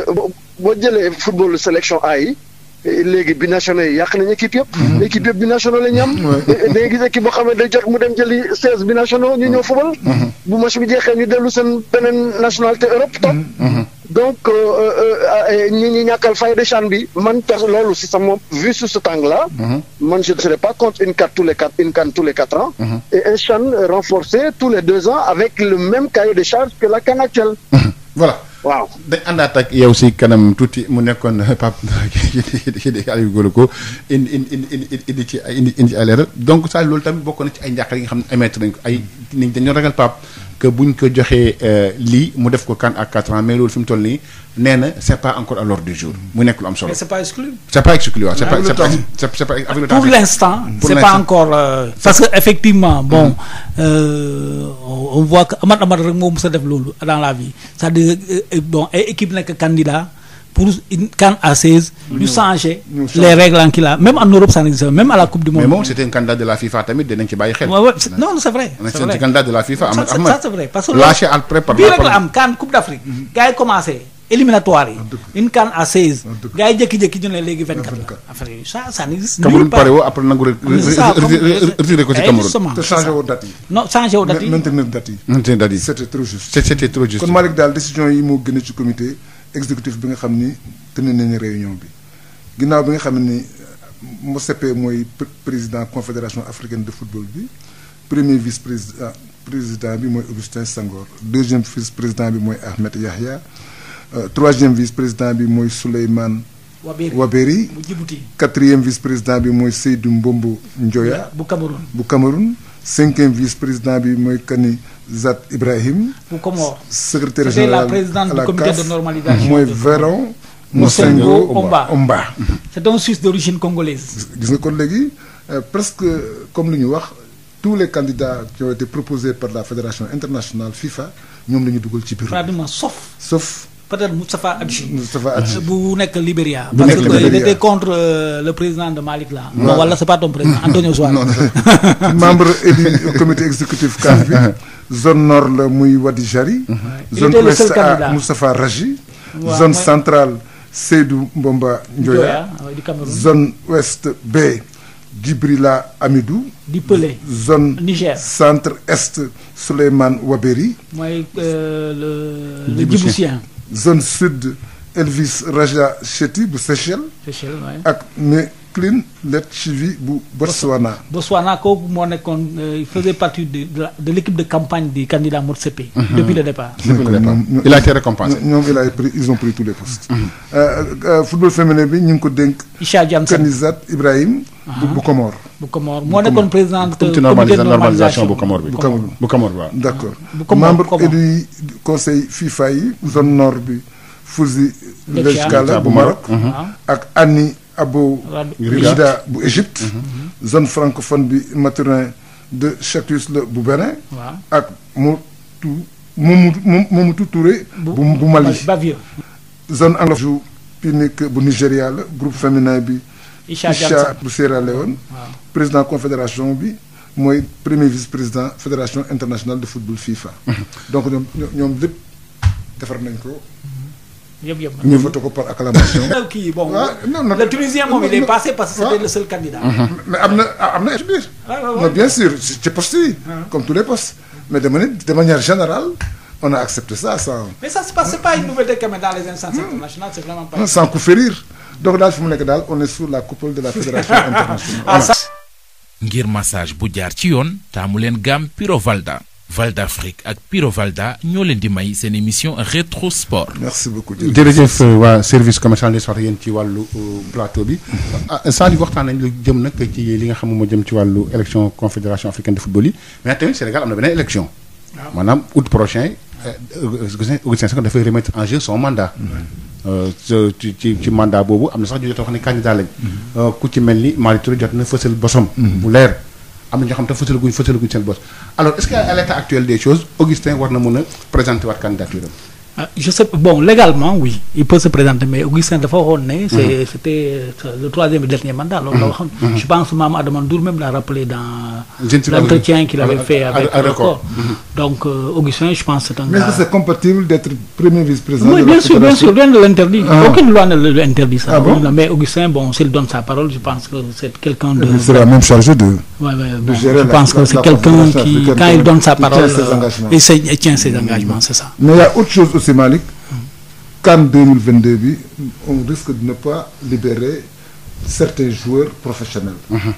boo jëlee football sélection A yi. léegi bi national yi yàq nañu équipe yëpp. Mhm. équipe yëpp bi national ñam ñu am. da ngay gis équipe boo xam ne day jot mu dem jëli seize bi national ñu ñëw mhm. fubal. bu match bi jeexee ñu dellu seen beneen nationalité Europe toog. donc euh, euh, euh, ñu ñi ñàkkal fayda CHAN bi man per loolu si sama vu sur cet angle-là. Mhm. man je ne serais pas contre une CAN tous les quatre une CAN tous les quatre ans. Mhm. et un CHAN renforcé tous les deux ans avec le même cahier de charge que la CAN mhm. voilà waaw dañ àndaat ak yow si kanam tuuti mu nekkoon Pape di Aliou Golo ko indi indi indi indi ci indi indi ci ay leeral donc saa loolu tam bokk na ci ay njàqare yi nga xam ne émettre nañ ko ay nit dañoo ragal pa que buñ ko joxee euh, lii mu def ko kan ak quatre ans mais loolu fi mu toll nii nee na c'est pas encore à l'ordre du jour. mu nekk lu am solo mais c'est pas exclu. waaw pour l'instant c'est pas encore euh, parce que effectivement mm-hmm. bon euh, on voit que Amad Amad rek moo mës a def loolu dans la vie cest dire bon ay équipe nekk candidat pour une CAN à 16. ñu changé les règles en kila même en Europe ça n'existe même à la coupe du monde. mais moom c'était un candidat de la FIFA tamit dinañ ci bàyyi xel. non c'est vrai. c'est de la FIFA. am c'est vrai parce que. lâché après par bii rek la am CAN coupe d'Afrique. Mm-hmm. gars yi commencé éliminatoire yi. une CAN à 16. gars ñu ne léegi la. affaire yooyu ça ça n'existe nulle part Cameroun pare après nangu retiré ko ci eh, Cameroun. te changé wu exécutif bi nga xam ni tënn réunion bi ginnaaw bi nga xam ni Mosepe mooy président confédération africaine de football bi premier vice président ah, président bi mooy Augustin Senghor deuxième vice président bi mooy Ahmed Yahya euh, troisième vice président bi mooy Souleymane Waberi quatrième vice président bi mooy Seydou Mbombo Njoya bu Cameroun bu Cameroun cinquième vice président bi mooy Kani Zat Ibrahim. secrétaire général à la CAF mooy Véron Mosengo Omba Omba. c'est un Suisse d'origine congolaise. gis nga kon léegi euh, presque comme lu ñu wax tous les candidats qui ont été proposés par la fédération internationale FIFA ñoom la ñu dugal ci bureau. pratiquement sauf. sauf. peut-être Moustapha Adji. Euh, bu nekk Libéria. parce que il était contre euh, le président de Malick là. non wala c'est pas ton président Antonio Suarez. membre élu comité exécutif CAF zone nord la muy Wadi Jari. zone ouest à Moustapha Raji. zone centrale Seydou Mbomba Njoya. zone ouest B. Djibrila Amidou. di Pelé zone. centre est Souleymane Waberi. mooy euh, le le zone sud Elvis Raja Chetty bu Seychelles. Seychelles ak mais. Clean Letchivie bu Botswana. Botswana kooku moo nekkoon euh, il faisait partie de de l' équipe de campagne du candidat Motsepe. depuis mhm. depuis le départ il a été récompensé. il a pris ils ont pris tous les postes. Mhm. Euh, euh, football féminin bi ñu ngi ko dénk. Isha Jansen Kanizat Ibrahim. Ah. bu bu Comore. bu Comore moo nekkoon présidente. comité normalisation bu Comore bi bu Comore bu Comore waaw. d' accord membre élu conseil FIFA yi zone nord bi. Fouzi Lejkala bu Maroc. Ah. ak Annie. Abou Rida bu mhm, Égypte mhm, mhm. zone francophone bi Maturin de Châtellus la bu Bénin ak Moutou Mamadou Touré bu bu Mali zone anglophone PINIC bu Nigéria la groupe féminin bi Isha bu Sierra Leone président confédération bi mooy premier vice-président fédération internationale de football FIFA donc ñoom ñoom lépp defar nañ ko yëpp yëpp ñu voté par acclamation. Ah, le tunisien moom il parce que ah. c'était le seul candidat. Mhm. mais am na ah, am na étudier. bien sûr ci poste yi. comme tous les postes. mais dama ne de manière générale. on a accepté ça sans. mais ça c'est pas c'est pas une nouveauté quand dans les instances hmm. internationales sans coup férir donc daal fi mu nekk daal on est sous la coupole de la fédération internationale. ngir massage bu jaar ci yoon taamu leen gaam Piro Valda. Val d'Afrique ak Pirovalda ñoo leen di may seen émission rétro sport. merci beaucoup jërëjëf euh, waa service commercial des sports yéen ci wàllu euh, plateau bi. Mm-hmm. Ah, Sadio waxtaan nañ lu jëm nag ci li nga xam moo jëm ci wàllu élection confédération africaine de football yi mais tamit Sénégal am na beneen élection. waaw ah. maanaam août prochain. Euh, Augustin Senghor dafay remettre en jeu son mandat. Mm-hmm. ci ci ci mandat boobu am na sax ñu jot a wax ne candidat lañ. Mm-hmm. ku ci mel ni Malick Touré jot na fësal bosom. bu leer. am na ñoo xam te fësalaguñ fësalaguñ seen boss alors est-ce que des choses Augustin war na mën a présenter waat candidature ah légalement il peut se présenter mais Augustin dafa waxoon mm-hmm. euh, le troisième dernier mandat. Mm-hmm. Mm-hmm. je pense Mame Adama Ndour même l'a rappelé dans. l' qu'il avait fait avec Record donc euh, Augustin je pense c' est compatible d' premier vice président. de la fédération ah. aucune loi ne l' interdit ça. Ah mais Augustin bon donne sa parole je pense que c' est de. il sera même chargé de. de je pense que c' est donne sa parole. il tient ses engagements a si Malick CAN 2022 bi on risque de ne pas libérer certains joueurs professionnels. Uh-huh.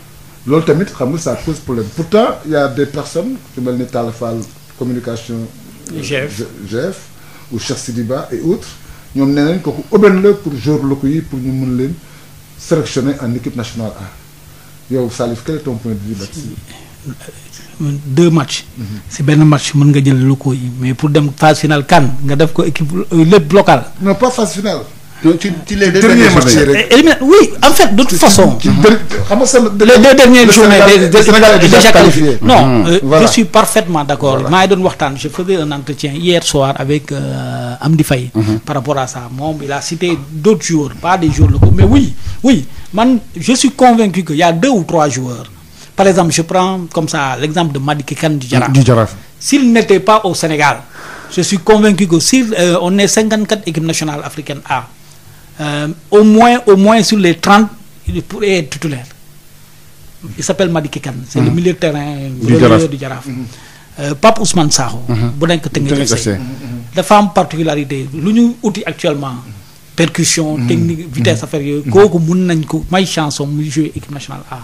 loolu tamit xam nga ça pose problème pourtant y a des personnes ku mel ni Talla Fall communication. Euh, GF GF ou Cheikh Sidiba et autres ñoom nee kooku aubaine la pour joueurs locaux yi pour ñu mun leen sélectionner en équipe nationale A yow Salif quel est ton point de vue là-dessus euh, deux matchs. Mhm. si benn match mën nga jël locaux yi mais pour dem phase finale kan nga def ko équipe euh, lépp local. non pas phase finale. ci ci les derniers eh, eh, oui en fait de toute façon. ci mhm. les deux dernières journées des Sénégal non mhm. euh, je suis parfaitement d' accord maa doon waxtaan je faisais un entretien hier soir avec euh, Amdi Faye. par rapport à ça moom il a cité d' autres joueurs pas des joueurs locaux mais oui oui man je suis convaincu que y' a deux ou trois joueurs. par exemple je prends comme ça l'exemple de Madické Kane du Jaraaf. du Jaraaf. s'il n'était pas au Sénégal je suis convaincu que si euh, on est 54 équipes nationales africaines A euh, au moins au moins sur les 30 il pourrait être titulaire il s'appelle Madické Kane c'est le mm-hmm. milieu de terrain du Jaraaf du Jaraaf mm -hmm. euh, Pape Ousmane Sakho mm-hmm. bu nekk Teungueth FC dafa am particularité lu ñu uti actuellement percussion mhm. technique mhm. vitesse mhm. affaire yooyu kooku mun nañ ko may chance om jouer équipe nationale A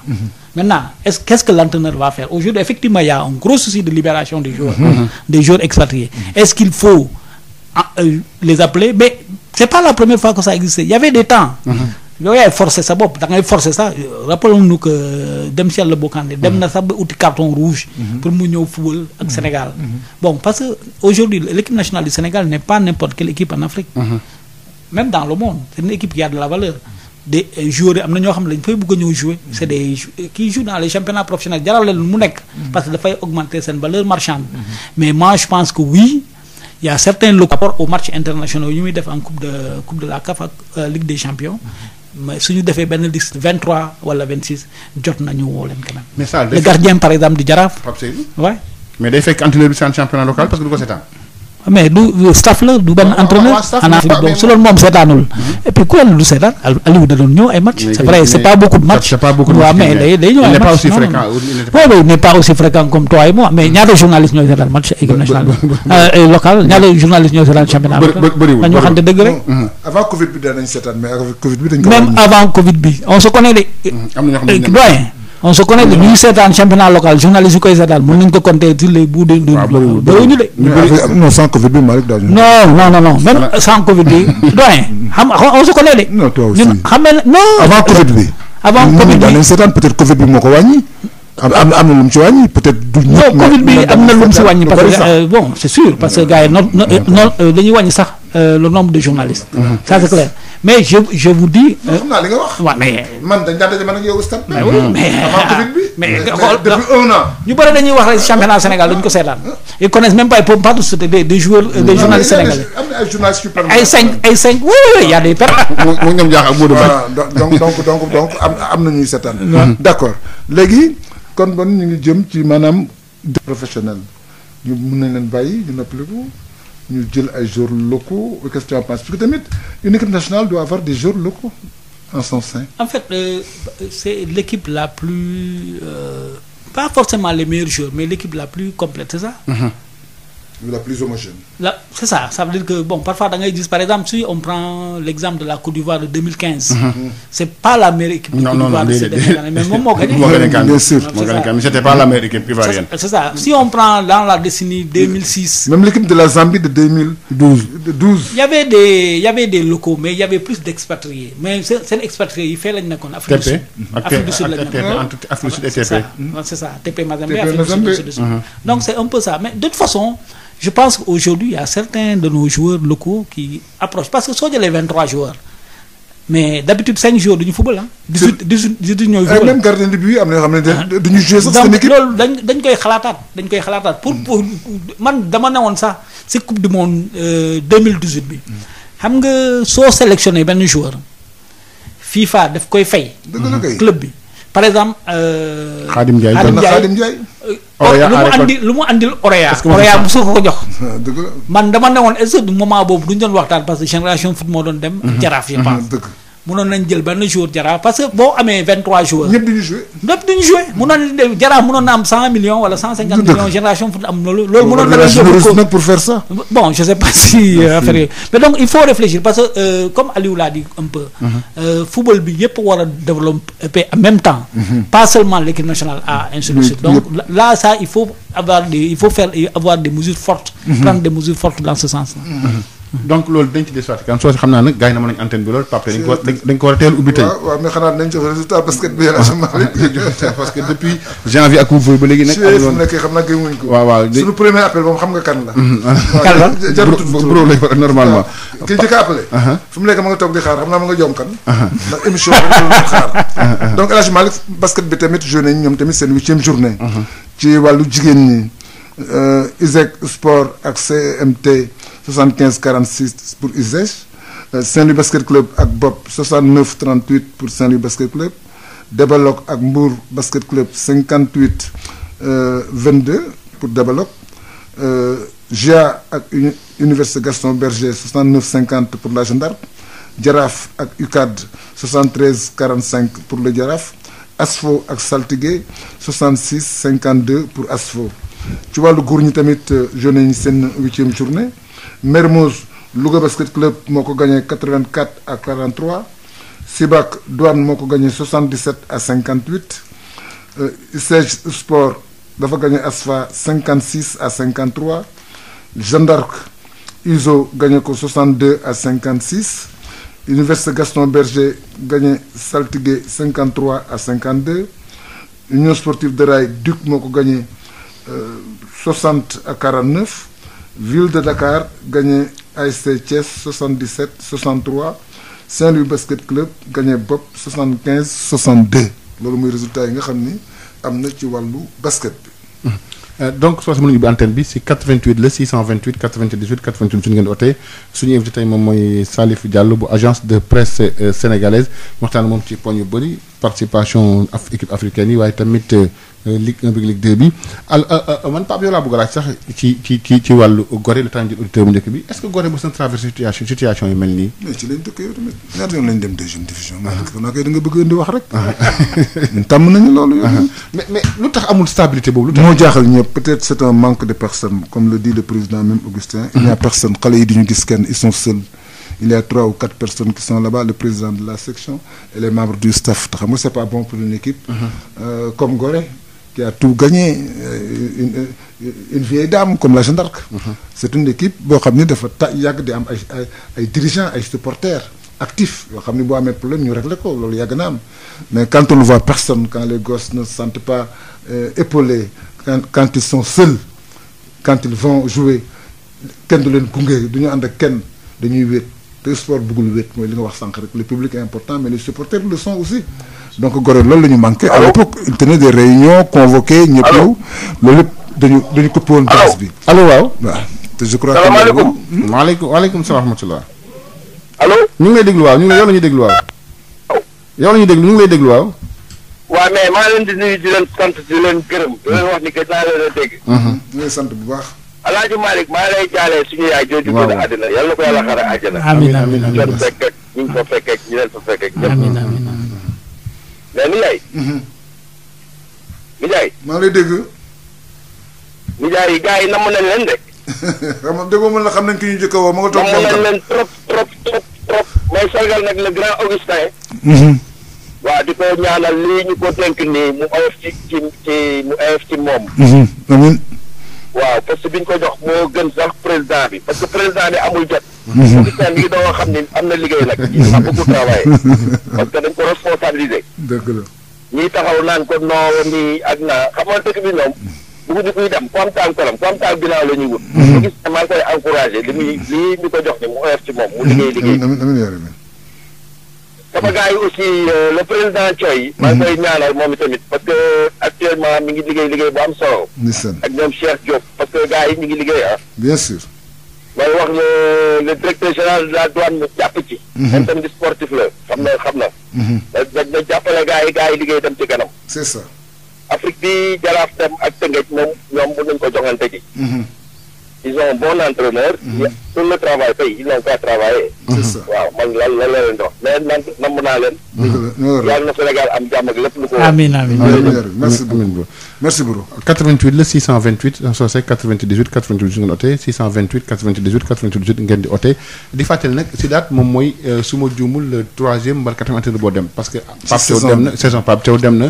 maintenant est-ce que l'entraîneur va faire aujourd'hui effectivement y a un gros souci de libération des joueurs des joueurs expatriés est-ce qu'il faut ah, euh, les appeler mais c'est pas la première fois que ça existait il y avait des temps yow yaay forcer sa bopp da ngay forcer sax rappelons-nous que euh, dem si yàlla bokkande dem na sax ba uti carton rouge pour mu ñëw football ak Sénégal bon parce même dans le monde c'est une équipe qui a de la valeur des joueurs yi am na ñoo xam ne dañ fay bëgg a ñëw jouer c'est des euh, qui jouent dans les championnats professionnels leen mu nekk parce que dafay augmenter seen valeur marchande mais moi pense que oui il a certains locaux par rapport aux matchs muy def en coupe de coupe de la CAF ak euh, Ligue des champions mais suñu defee benn liste 23 wala 26 jot nañu woo leen quand le gardien par exemple di Jaraaf. Pape Seydou. mais day fekk entraîneur bi mais du staff la du benn entraîneur xanaa donc su loolu moom seetaanul hmm. et puis ku leen du seetaan Aliou da doon ay match c'est vrai c'est pas beaucoup de match waaw mais day day ñëw ay match il n'est pas aussi fréquent comme toi et moi mais hmm. ñaata journaliste ñooy seetaan match équipe nationale euh, locale ñaata journaliste ñooy seetaan championnat dañu waxante dëgg rek hmm, avant covid bi danañ seetaan mais avant covid bi on se connaît de euh, doyen on se connaît que ñu ngi seetaan championnat local journaliste yu koy seetaan mën nañu ko compter sur les bouts de. waaw bëri ñu de. non sans Covid bi Malick daal non non non non même sans Covid bi doyen on se connaît de. non toi aussi ñun xam nga non. bi. avant Covid bi daan nañu bi moo ko wàññi. am am na lu mu bi am na lu si wàññi parce euh, bon c'est sûr parce que gars yi no no dañuy wàññi sax. euh, le nombre de journalistes. Mm-hmm. mais je je vous dis. xam euh, naa li nga wax. mais man dañ daan daje man ak yow stade. Mm-hmm. mais mais depuis un an. ñu bëri dañuy wax rek championnat Sénégal dañ ko seetaan. Mm-hmm. ils connaissent même pas ils peuvent pas tous des des joueurs euh, des journalistes sénégalais. am na ay journalistes yu ay cinq ay cinq oui oui y a des per. mu ñoom jaax ak Modou donc donc donc donc am am na ñuy seetaan. d'accord léegi kon bon ñu ngi jëm ci maanaam. professionnel ñu mun nañ leen bàyyi ñu jël ay jours locaux orchestra passe parce que tamit une équipe nationale doit avoir des jours locaux en son sein. en fait euh, c'est l'équipe la plus euh, pas forcément les meilleurs joueurs mais l'équipe la plus complète c'est ça. Mm-hmm. la plus homogène. la ça ça veut dire que parfois da ngay gis par exemple si on prend l' de la Côte d'Ivoire de 2015. Mhm. Mhm. pas la meilleure équipe. de Côte de ces ça si on prend dans la décennie même l' de la Zambie de 2012. y avait des locaux mais y avait plus d' expatriés mais seen expatriés yi fee lañ nekkoon. Afrique du Sud Afrique du Sud lañ nekkoon Sud et TP. c' donc c' un peu ça mais de toute façon. je pense que il y a certains de nos joueurs qui approchent parce que soo jëlee 23 joueurs mais d'habitude 5 joueurs duñu football la 18 18 18 ñooy euh, football même gardien de am ne dañuy jouer sax seen équipe loolu dañ dañ koy xalaataat dañ koy xalaataat pour mm. pour man dama ne woon sax si coupe du monde 2018 euh, bi. Mm. xam nga soo sélectionné benn joueur FIFA daf koy fay. club bi. par exemple. Xaadim euh, Ndiaye Xaadim Ndiaye euh, lu mu indi lu mu andil Orea. Orea bu soo ko jox. man dama ne woon est-ce que moment boobu duñ doon waxtaan parce que génération foot moo doon dem. Mhm. jaraaf yi mhm. paas mënoon nañ jël benn jour jaraaf parce que boo amee 23 joueurs. ñëpp duñu joué. ñëpp duñu joué mënoon jaraaf mënoon na am 100 millions wala 150 millions génération foot am loolu. loolu mënoon na la joué pour faire ça. bon je sais pas si euh, affaire yooyu mais donc il faut réfléchir parce que euh, comme Aliou l'a dit un mhm. euh, bi yëpp war a développer en même temps. Mhm. pas seulement l'équipe nationale à ainsi de suite donc là ça il faut avoir des il faut faire avoir des mesures donc loolu dañ ci des kan soo si xam naa nag gars yi na mën nañu antenne bi loolu Pape dañ ko war a teel ubbi que depuis janvier ak couvre ba léegi nag nekk xam naa gëmuñ mhm, a appelé uh-huh. fu ma nga toog bi tamit journée ñoom tamit seen huitième journée uh-huh. ci wàllu jigéen ñi euh, ISEC sport ak CMT 75 46 pour USEJ euh, Saint-Louis Basket Club ak Bopp 69 38 pour Saint-Louis Basket Club Debalok ak Mbour Basket Club 58 22 euh, pour Debalok euh, GIA ak Université Gaston Berger 69 50 pour la Gendarme Jaraaf ak UCAD 73 cinq pour le Jaraaf ASFO ak Saltigué 66 deux pour ASFO ci wàllu góor ñi tamit jeunes yi seen huitième journée. Mermoz Louga Basket Club moo ko gagné 84 à 43 Sibac Douane moo ko gagné 77 à 58 euh, Iseg Sport dafa gagné Asfa 56 à 53 Jeanne d'Arc Iso gagné ko 62 à 56 Université Gaston Berger gagné Saltigué 53 à 52 Union sportive de Rail Duc moo ko gagné 60 euh, à Ville de Dakar gagné ASC Thiès 77 63 Saint-Louis Basket Club gagné Bopp 75 62 loolu mooy résultat yi nga xam ni am na ci wàllu basket bi. Euh, donc soo mën a ubbi bi si 88 la 628 98 98 suñu ngeen wootee suñu invité moom mooy Salif jàll bu agence de presse euh, sénégalaise waxtaan moom ci poñ yu bëri participation af équipe africaine yi waaye tamit. Euh, Euh, Ligue 1 bi Ligue bi euh, euh, yow laa bëgg laaj sax ci ci ci ci wàllu Gorée le temps jël auditeur bu bi est-ce que Gorée mos na traversé situation situation yu mel nii. mais ci lañ dëkk yow tamit ñaata yoon lañ dem ah. bëgg indi rek. Ah. tàmm nañu loolu yow. Ah. mais mais lu tax amul stabilité boobu. lu tax moo jaaxal ñëpp peut-être c'est manque de personne comme le dit le président même Augustin. il n'y a personne xale yi duñu gis kenn ils sont seuls. il y a trois ou quatre personnes qui sont là-bas le président de qui tout gagné euh, une euh, une vieille dame comme la Jeanne d'Arc. Mhm. c'est une équipe boo xam ni dafa ta yàgg di am ay ay ay dirigeants ay supporters yoo xam ni boo amee problème ñu réglé ko loolu yàgg na am mais quand on ne personne quand les gosses ne se sentent pas euh, épaulés quand quand ils sont seuls quand ils vont jouer kenn du leen gunge du ñu ànd ak kenn dañuy wéet te sport bëggul wéet mooy li nga wax sànq rek le public est important mais les supporters le sont aussi. donc Gorée loolu la ñu manqué. à l'époque il tenait des réunions convoquées ñëpp ñëw. loolu lépp dañu dañu coupé woon. allo bi allo waaw. waaw te je crois que. salaamaaleykum maaleykum waaleykum salaam wa rahmatulah. allo. ñu ngi waaw ñu ngi la ñuy déglu waaw. yow la ñu ngi lay déglu waaw. waaw mais maa leen di nuyu di leen sant di leen gërëm di leen wax ni que saa leen a dégg. ñu ngi sant bu baax. Alaaji Malick maa lay jaalee suñu yaay jooju gën a àddina yàlla na ko yàlla xare àjjana. amiin amiin mais Ndiaye. Ndiaye. Mhm. maa ngi la dégg. Ndiaye gars yi namm nañ leen de. xam déggoo mën la xam nañ ki ñu njëkk woo ma nga toog. namm nañ leen trop trop trop trop. may sargal nag le grand Augustin. Mhm. waaw di ko ñaanal lii ñu ko dénk nii mu oyof ci ci mu oyof ci moom. Mhm. amiin. waaw parce que biñ ko jox moo gën sax président bi parce que président bi amul jot. politicien mhm. bi ngi doon xam ne am na liggéey nag il mhm. a beaucoup travaillé parce que dañ ko responsabilisé dëgg la ñuy taxaw naan ko noo nii ak naa xam nga dëkk bi ñoom bugu di ku am taam kolam am taam ginnaaw la ñuy wut bu mhm. gis ne maa ngi koy encouragé li muy lii ñu ko jox ni mu oyof ci moom mu liggéey liggéey sama gars yi aussi euh, le président maa ngi koy ñaanal moom itamit parce que actuellement mi ngi liggéey liggéey bo am solo ak ñoom Cheikh Diop parce que gars yi ñu ngi liggéey ah bien sûr ma wax ne directeur général de la douane jàpp ci. même tamit sportif la xam na xam na. da mhm. da jàppale gars yi gars yi liggéey dem ci kanam. c'est ça. Afrique bi jaraaf tam ak tëngëj moom ñoom mën nañu ko joxante ji. Mhm. ils ont un bon entraîneur. Mhm. tout le la tey ils n'ont qu'à travailler. c'est ça waaw man lan la leen doon mais man namm naa leen. yàlla na Sénégal am jàmm ak lépp lu ko. amiin amiin merci beaucoup. merci beaucoup 88 la 628 65 98 98 ngeen oote 628 98 98 ngeen di oote di fàttali nag Sidaat moom mooy euh, su ma juumul le troisième mbala quatrième antenne boo dem parce que. Pape Thiaw dem na saison Pape Thiaw dem na.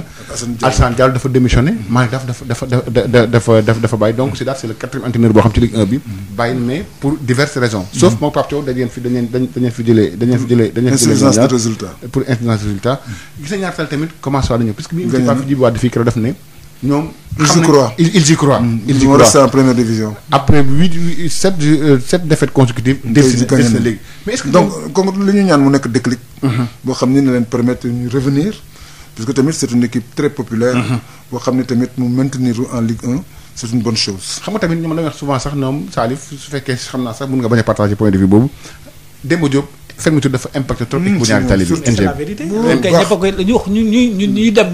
Alassane Diallo dafa démissionné. Malick Daf dafa dafa dafa dafa dafa dafa bàyyi donc Sidaat c'est le quatrième entraîneur boo xam ci Ligue 1 bi. bàyyi mais pour diverses ñoom. ils y croient mm, ils y croient. ils y croient resté en première euh, donc comme li ñu ñaan mu nekk déclic. Mhm. boo xam ne na leen permettre ñu revenir. parce que tamit c'est une équipe très populaire. Mhm. boo xam ne tamit mu maintenir en Ligue 1 c'est une bonne chose. xam nga tamit ñoom la wax souvent sax ñoom Salif su fekkee xam naa sax mun nga bañ a partager point de vue boobu Demba Diop. fermeture dafa impacté trop. bu ñaari tali bi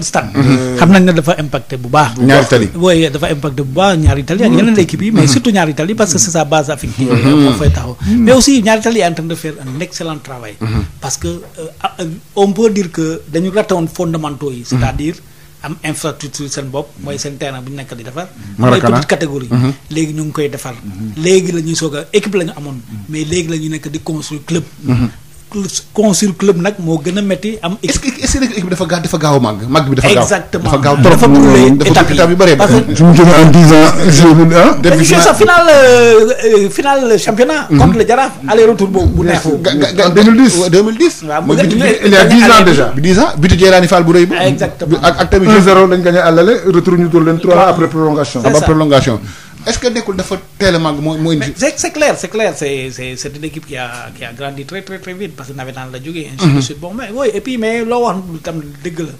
c'est mm-hmm. xam nañ ne dafa impacté bu baax. ñaari tali waaye dafa impacté bu baax ñaari tali ak yeneen équipe yi. mais mm-hmm. surtout ñaari tali parce que c'est sa base affective. Mm-hmm. moo fay taxaw mais aussi ñaari tali est en train excellent travail. parce que euh, on peut dire que dañu raté woon fondamentaux yi. c'est-à-dire. am infrastructure seen bopp mooy seen terrain bu ñu nekk di defar mooy petite catégorie mhm. léegi ñu ngi koy defar mhm. léegi la ñuy soog a équipe la ñu amoon mhm. mais léegi la ñuy nekk di construire club consul club nag moo gën a métti am. est dafa gaaw dafa gaaw a màgg màgg bi dafa gaaw trop mu jógee en bu neex. en deux bu ak tamit. 1-0 lañ gagné àllale retour ñu dóor leen 3 après prolongation. es ce que nekkul dafa teel a màgg mooy mooy. c'est clair c'est clair c'est c'est c'est qui a grandi très très très vite parce que nawetaan la jógee. ainsi de mhm. bon mais oui et puis mais tam dëgg la.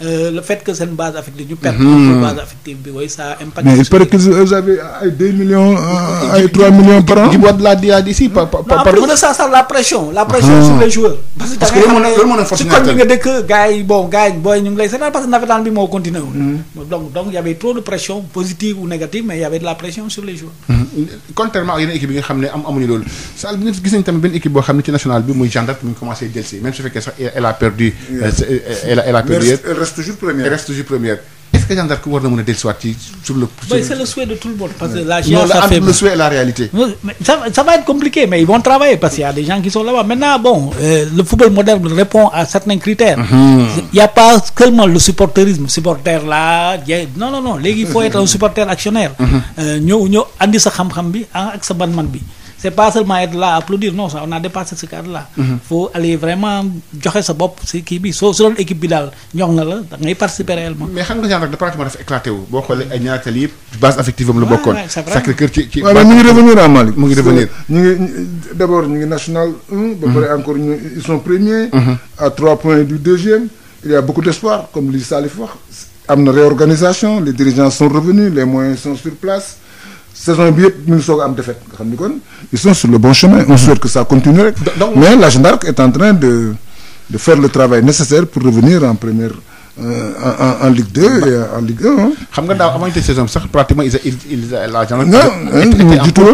Euh, le fait que seen base affectée ñu perte hmm. base affective bi way ça impacte mais il que vous avez deux millions euh, ay trois millions par di boîte la diade ici par par par ça ça pression la pression ah. sur les joueurs parce que loolu moo leen forcé ci kon bi nga dëkk gars bon gars yi booy ñu lay seetaan parce que nawetaan bi moo continué hmm. donc donc y avait trop de pression positive ou négative mais y avait de la pression sur les joueurs hmm. contrairement am amuñu loolu a perdu euh, reste toujours première reste toujours première est-ce que Jeanne d'Arc war na a dellusiwaat ci sur le. c'est le souhait de tout le monde. parce que la non la entre le souhait et la réalité. ça ça va être compliqué mais ils vont travailler parce qu'il y a des gens qui sont là-bas maintenant bon euh, le football moderne répond à certains critères. Mhm. il y a pas seulement le supporterisme supporter là non non non léegi faut être un supporter actionnaire. Mhm. Euh, ñëw ñëw andi sa xam-xam bi ah, ak sa bi. c'est pas seulement être là applaudir non on a dépassé ce cadre là mhm. faut aller vraiment joxe sa bopp si kii bi soo su doon équipe bi daal ñor na la da ngay participer réellement mais xam nga genre de pratiquement dafa éclaté wu boo xoolee ay ñaataal yëpp base affective am la bokkoon sacré cœur ci ci waaw mu ngi revenir en Mali mu ngi revenir ñu ngi d'abord ñu ngi national 1 ba pare mhm. encore ñu ils sont premiers mhm. à trois points du deuxième il y a beaucoup d'espoir comme li Salif wax am na réorganisation les dirigeants sont revenus les saison bi yëpp ñu ngi soog a am nga xam ni kon ils sont sur le bon chemin on mhm. souhaite que ça continue rek mais la Jeanne d'Arc est en train de faire le travail nécessaire pour revenir en première euh, en en en et en Ligue 1. xam nga daaw amante saison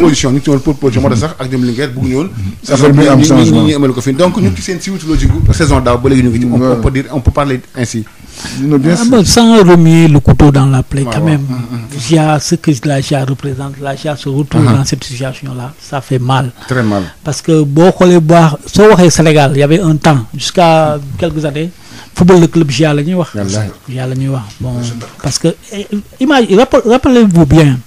position ñu ngi position moo tax sax ak ñoom mhm. changement donc ñu ngi mhm. ci logique saison daaw ba léegi ñu on peut dire on peut parler ainsi. Non, bien ah, sûr. Sans remuer le couteau dans la plaie, ah, quand ouais. même, il y a ce la GIA représente, la GIA se retrouve uh-huh. dans cette situation-là, ça fait mal. Très mal. Parce que beaucoup les boire, sauf au Sénégal, il y avait un temps, jusqu'à quelques années, football le club GIA la GIA la bon, parce que, eh, imagine, rappelez-vous bien,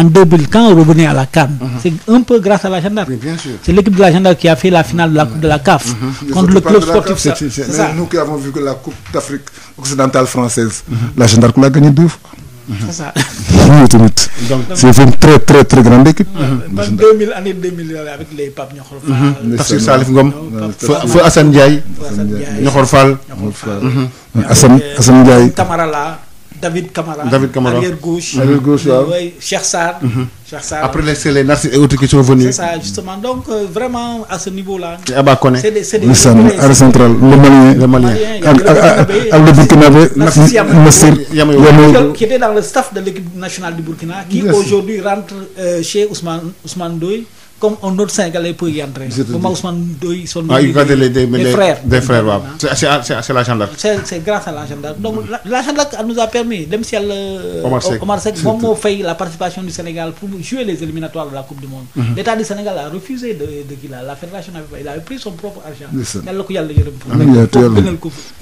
en 2000 quand on revenait à la CAN. Uh mhm. -huh. C'est un peu grâce à la gendarme. Oui, c'est de la gendarme qui a fait la finale de la mhm. Coupe de la CAF. Mhm. Contre le club sportif. C'est nous qui avons vu que la Coupe d'Afrique occidentale française, la gendarme l'a gagnée deux fois. C'est ça. C'est une très très très grande équipe. Bah, 2000, année 2000 euh, avec les papes Nyokhor Fall. Tafsir Salif David Camara. David Camara arrière gauche. arrière gauche waaw oui Cheikh Sarr. Mhm. Cheikh Sarr après les c'est les Nassir et autres qui justement donc euh, vraiment à ce niveau là. te Aba Koné. c'est des c'est le Malien. le Malien ak ak ak le Burkinabé. Nassir Yamayou qui était dans le staff de l'équipe nationale du Burkina. qui aujourd'hui rentre euh, chez Ousmane Ousmane comme un autre Sénégalais peut y entrer. Comme Ousmane Doy, son ah, des, des, des, des frères. Des frères, ouais. Ah. C'est la gendarme. C'est grâce à la gendarme. Donc mm. la, la gendarme nous a permis, même si elle, euh, Omar Sek, Omar Sek bon fait la participation du Sénégal pour jouer les éliminatoires de la Coupe du Monde. Mm -hmm. L'État du Sénégal a refusé de, de qu'il a. La fédération avait, il avait pris son propre argent. Yalla ko yalla yërem pour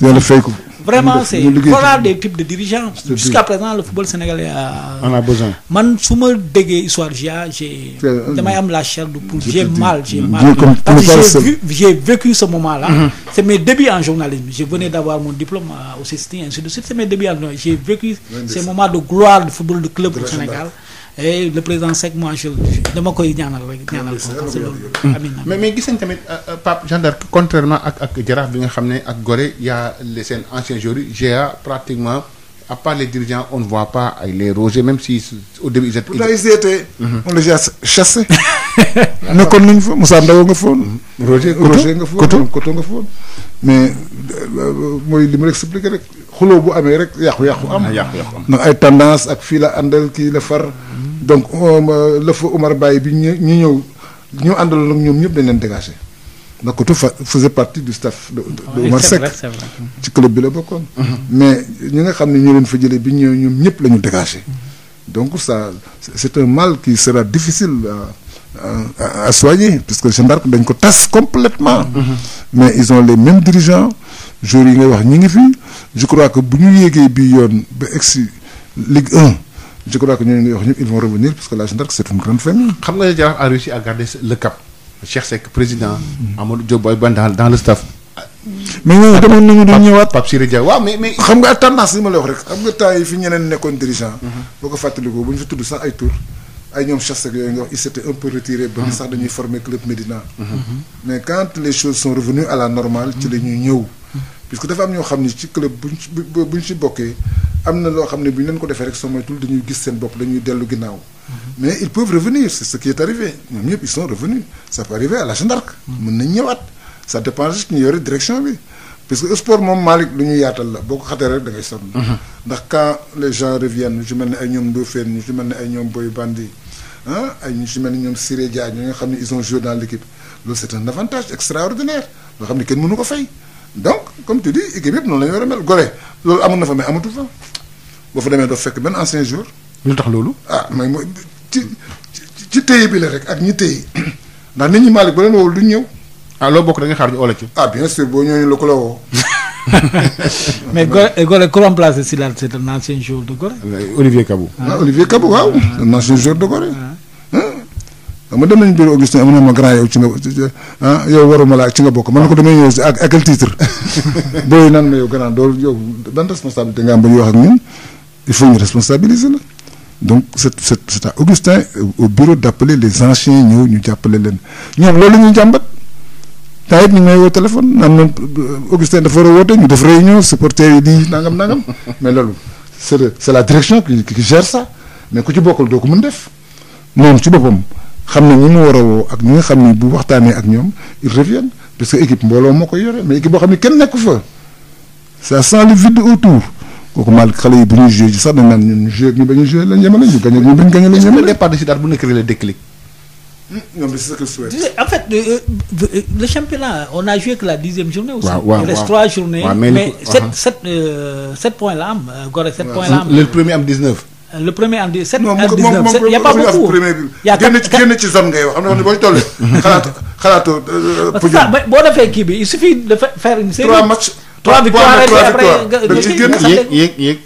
yalla fay ko. Vraiment c'est voilà des types de dirigeants. Jusqu'à présent le football sénégalais a on a besoin. Man suma déggé histoire j'ai damay am la chair merde pour j'ai mal j'ai mal j'ai vécu ce moment là mm-hmm. c'est mes débuts en journalisme je venais d'avoir mon diplôme euh, au CESTI ainsi de suite c'est mes débuts en j'ai vécu ces moments de gloire du football de club au Sénégal le président Seck moi je dama koy ñaanal rek ñaanal ko c'est loolu mm-hmm. mais mais gis nañ tamit euh, euh, Pape Jeanne ak ak Jaraaf bi nga xam ne ak Gorée y a les seen anciens joueurs GA pratiquement à part les dirigeants on ne voit pas les rogers même si au début ils étaient. pourtant ils étaient. Mhm. on les a chassés. nekkoon nañ fa Moussa Ndaw nga foon. Mhm. roger roger nga foon Koto Koto nga foon. mais euh, mooy li ma expliqué rek xuloo bu amee rek yàqu-yàqu am. Ah, yàqu-yàqu am ndax ay tendance ak fii la àndal kii la far. Mhm. donc euh, lëfa Umar Baye bi ñu ñëw ñu àndaloon ak ñoom ñëpp dañ leen dégagé. Nakoto faisait partie du staff de Omar Seck ci club bi la bokkoon mhm. mais ñi nga xam ne ñoo leen fa jëlee bi ñëw ñoom ñëpp la ñu dégagé mhm. donc ça c'est un mal ki sera difficile à, à, à soigner puisque Jeanne d'Arc dañ ko tas complètement mhm. mais ils ont les mêmes dirigeants joueurs yi ngay wax ñi ngi fi je crois que bu ñu yéegee bi yoon ba egsi Ligue 1 je crois que ñooñu ngay wax ñëpp ils vont revenir parce que la Jeanne d'Arc c'est une grande famille xam nga Jaraaf a réussi Cheikh Seck président. Amadou Diop Boy Banda dans le staff. mais mais mais. xam nga tendance yi ma lay wax rek xam nga temps yi fi ñeneen nekkoon dirigeant. Mhm. boo ko fàttalikoo bu ñu fi tudd sax ay tour ay ñoom Cheikh Seck yooyu nga wax il s'était un peu retiré. ba sax dañuy former club Médina. Mhm. mais quand les choses sont revenues à la normale. ci la ñuy ñëw. puisque dafa am ñoo xam ne ci club bu ñu ci bu ñu ci bokkee am na loo xam ne bu ñu leen ko defee rek soo moytul dañuy gis seen bopp dañuy dellu ginnaaw. mais ils peuvent revenir c'est ce qui est arrivé ñoom ñëpp ils sont revenus ça peut arriver à la Jeanne d'Arc mën nañ ñëwaat ça dépend juste yore direction bi parce que sport moom Malick lu ñu yaatal la boo ko xatee rek da ngay sonn mhm. ndax quand les gens reviennent ñu ci mel ne ay ñoom Ndofène ñu ci mel ne ay ñoom Boy Bandi ah ay ñu ci mel ne ñoom Siré Dia ñi nga xam ne ils ont joué dans l'équipe loolu c'est un avantage extraordinaire loo xam ne kenn mënu ko fay donc comme tu dis équipe yëpp noonu la ñu war loolu amoon na fa mais amatu fa boo demee doo fekk benn ancien joueur lu tax loolu. ah mais mooy ci ci téye bi la rek ak ñi téye ndax nit ñi Malick ba leen woowul duñ ñëw. ah loo bokk da nga xaar ñu oo la ci. ah bien sûr boo ñëwee la ko la woo. mais Gorée ku remplacé Zidane c'est un de Gorée. Olivier Kabou. waaw. un ancien joueur de Gorée. xam ah, ah. ah. nga dem nañu biir Augustin am na ma grand yow ci nga yow waruma laa ci nga bokk mën na ko damay ñëw si ak ak quel titre booy naan ma yow grand dool yow ban responsabilité nga am ba ñu wax ak ñun il faut ñu responsabiliser la. donc c'est c'est à Augustin euh, au bureau d'appeler les anciens ñëw ñu jàppale leen ñoom loolu ñu jàmbat temps yëpp ñu may woo téléphone naan moom euh, Augustin dafa war a woote ñu def réunion supporters yi di nangam nangam mais loolu c'est c'est la direction qui qui gère ça mais ku ci bokkul doo ko mën def moom si boppam xam ne ñi mu war a woo ak ñu nga xam ne bu waxtaanee ak ñoom ils reviennent parce que équipe mbooloo moo koy yore mais équipe boo xam ne kenn nekku fa ça sent le vide autour kooku xale yi bu ñu bañ a ñu gañe ñu bañ gañe lañ yemale départ de bu nekk la déclic ñoom hmm, en fait euh, euh, euh, le championnat on a joué que la dixième journée aussi il reste trois journées mais sept uh-huh. sept sept points la am Gorée sept points la am le premier am dix-neuf le premier am dix-sept il y a pas beaucoup génn ci zone ngay wax xam nga boo ci tollee xalaatu xalaatu boo defee kii suffit de faire une série trois victoires après nga yéeg yéeg yéeg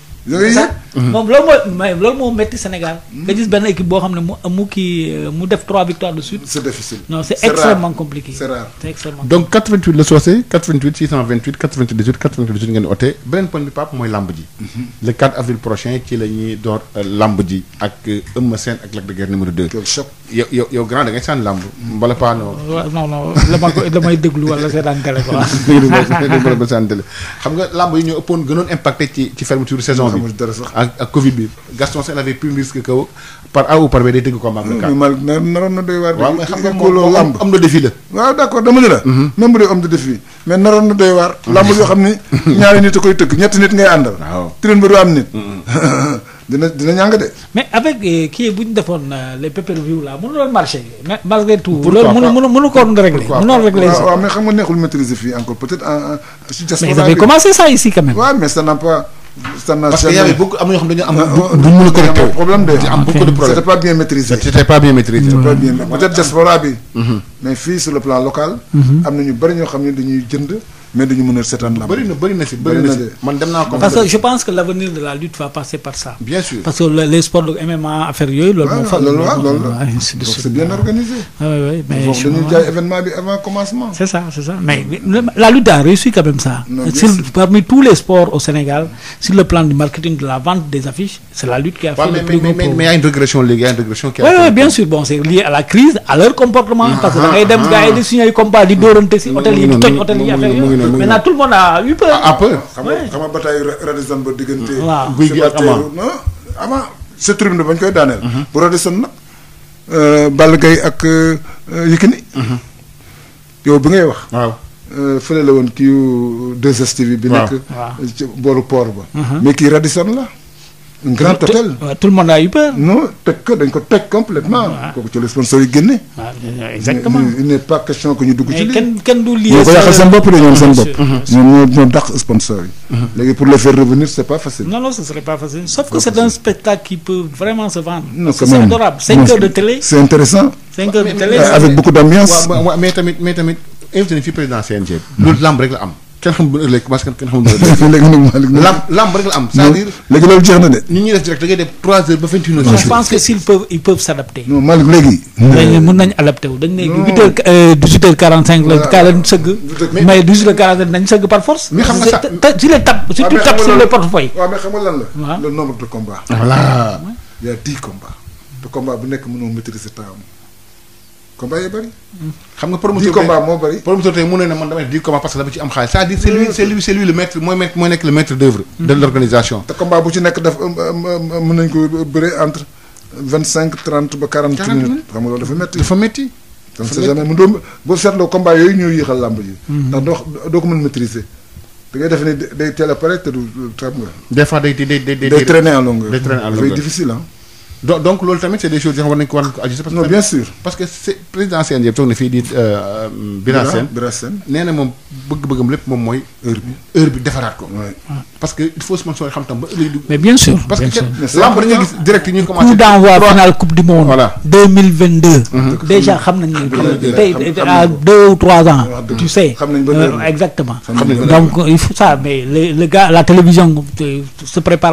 moom loolu moo mais Sénégal. nga gis benn équipe boo xam ne mu mu kii mu def trois victoires de suite. c'est difficile non c'est extrêmement compliqué. c'est rare c'est extrêmement donc 88 la soosee 88 628 98 98 ngeen di beneen point bi Pape mooy lamb ji. le 4 avril prochain ci la door lamb ji ak Eumeu Sène ak Lac de Guiers numéro 2. yow yow yow grand da ngay sànni lamb. la ma ko damay déglu wala seetaan télé ak ak Covid bi Gaston Sène avait plus risque que par A ou par B day tëgg mm, d' accord mm-hmm. dee mm-hmm. a koy tëgg ñetti nit ngay àndal. waaw parce que y avait am na yoo xam dañu am. duñ mun a connecté problème de. am ah, beaucoup de problème c'était pas pas bien maîtrisé. c'était pas bien peut-être diaspora bi. Mm-hmm. mais fii sur le plan local. Mm-hmm. am na ñu bari ñoo xam ne dañuy jënd. mais duñu mën a seetaan la bëri na bëri na si bëri na si man dem naa ko parce que je pense que l' avenir de la lutte va passer par ça. bien sûr parce que les sports de MMA affaire yooyu. loolu moo fa loolu waaw loolu la c' est bien organisé. oui oui mais bon dañuy jaay événement bi avant commencement. c' est ça c' est ça mais la lutte a réussi quand même ça. sur parmi tous les sports au Sénégal sur le plan du marketing de la vente des affiches c' est la lutte qui a fait le plus gros mais mais y a une régression léegi y a une régression. oui oui bien sûr bon c' est lié à la crise à leur comportement. parce que da ngay ah, dem ah, gars yi ah. di signé ay combat di dóorante si hôtel yi di toj hôtel yi affaire yooyu na mu ngi maintenant tout le monde a eu peur. a ah, ah, peur xam nga xam nga ba diggante. guy gi ak Ama Ama sa tribune bañ koy daaneel. Mhm. bu Radisson nag. Euh, Balla Gaye ak euh, Yékini. Mhm. yow bi ngay wax. waaw euh, fële la woon kii 2STV bi. bi nekk booru port ba. Mhm. mais kii Radisson la. un grand hôtel. tout le monde a eu peur. non toj ko dañ ko toj complètement ah. kooku ci la sponsor yi génne. Ah, exactement il n'est pas question que ñu dugg ci lii. kenn kenn du lii. ñoo ko yàqal seen bopp de ñoom seen bopp. ñoom ñoo dàq sponsor yi. Mm-hmm. léegi pour le faire revenir c'est pas facile. non non ce serait pas facile sauf que c'est un spectacle qui peut vraiment se vendre. non quand même c'est adorable cinq heures de télé. c'est intéressant. cinq heures de télé euh, avec beaucoup d'ambiance. waaw mais tamit mais tamit invité nañu fi président CNG. loolu lamb rek la am. kenn xamul bu ëllëg parce que kenn xamul bu la am cest léegi loolu jeex na de ñu ñuy direct da ngay trois heures ba vingt une heures je pense que s'ils peuvent ils peuvent s'adapter non léegi dañ mën nañ wu dañ ne huit heures euh, quarante cinq la kaa leen sëgg mais huit heures quarante cinq nañ sëgg par force si les tapes si tu sur les portefeuilles waaw combat yi xam nga promoteur bi 10 moo bëri. promoteur tey mu ne ne man damay 10 combat parce que ci am xaalis c'est-à-dire c'est lui c'est lui mooy maître mooy nekk le maître d'œuvre. de l'organisation. te combat bu ci nekk daf mën nañ ko bëre entre 25 30 ba 40 minutes. xam nga dafa métti dafa métti. donc c'est jamais mu day teel a pare te du xam nga. des fois day day day day. day traîner à longueur. day traîner à longueur donc donc loolu tamit c' est des choses yoo xam ne war nañu ko war nañu ko ajuster. non bien sûr parce que c' est président CNG toog na fii di. Euh, euh, Bira Sène bëgg-bëggam lépp moom mooy heure bi heure bi defaraat ko. parce que il faut que man sooy xam tam mais bien sûr parce que lamb dañuy gis direct ñu commencé. coup d'envoi final coupe du monde. Mm-hmm. déjà xam à deux ou trois ans. tu sais euh, exactement. donc il faut ça mais le le la télévision se prépare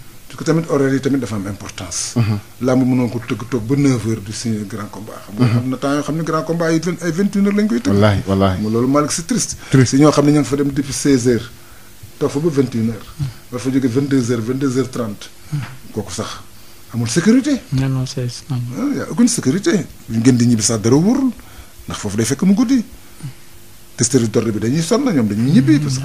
que tamit horaire yi tamit dafa am importance. Mhm. làmb mënoon ko tëgg toog ba 9 du signer grand combat. xam nga mhm. na temps yoo xam ne grand combat yi ay 21h lañ koy tëgg. wallaahi wallaahi loolu Malick c'est triste. triste si ñoo xam ne ña nga fa dem depuis 16h. toog fa ba 21h. war mhm. fa jógee 22h 22h30. kooku sax amul sécurité. non non c'est non. Ah, y di ñibbi sax dara wóorul ndax foofu day fekk mu guddi. te service d'ordre bi dañuy sonn ñoom dañuy ñibbi parce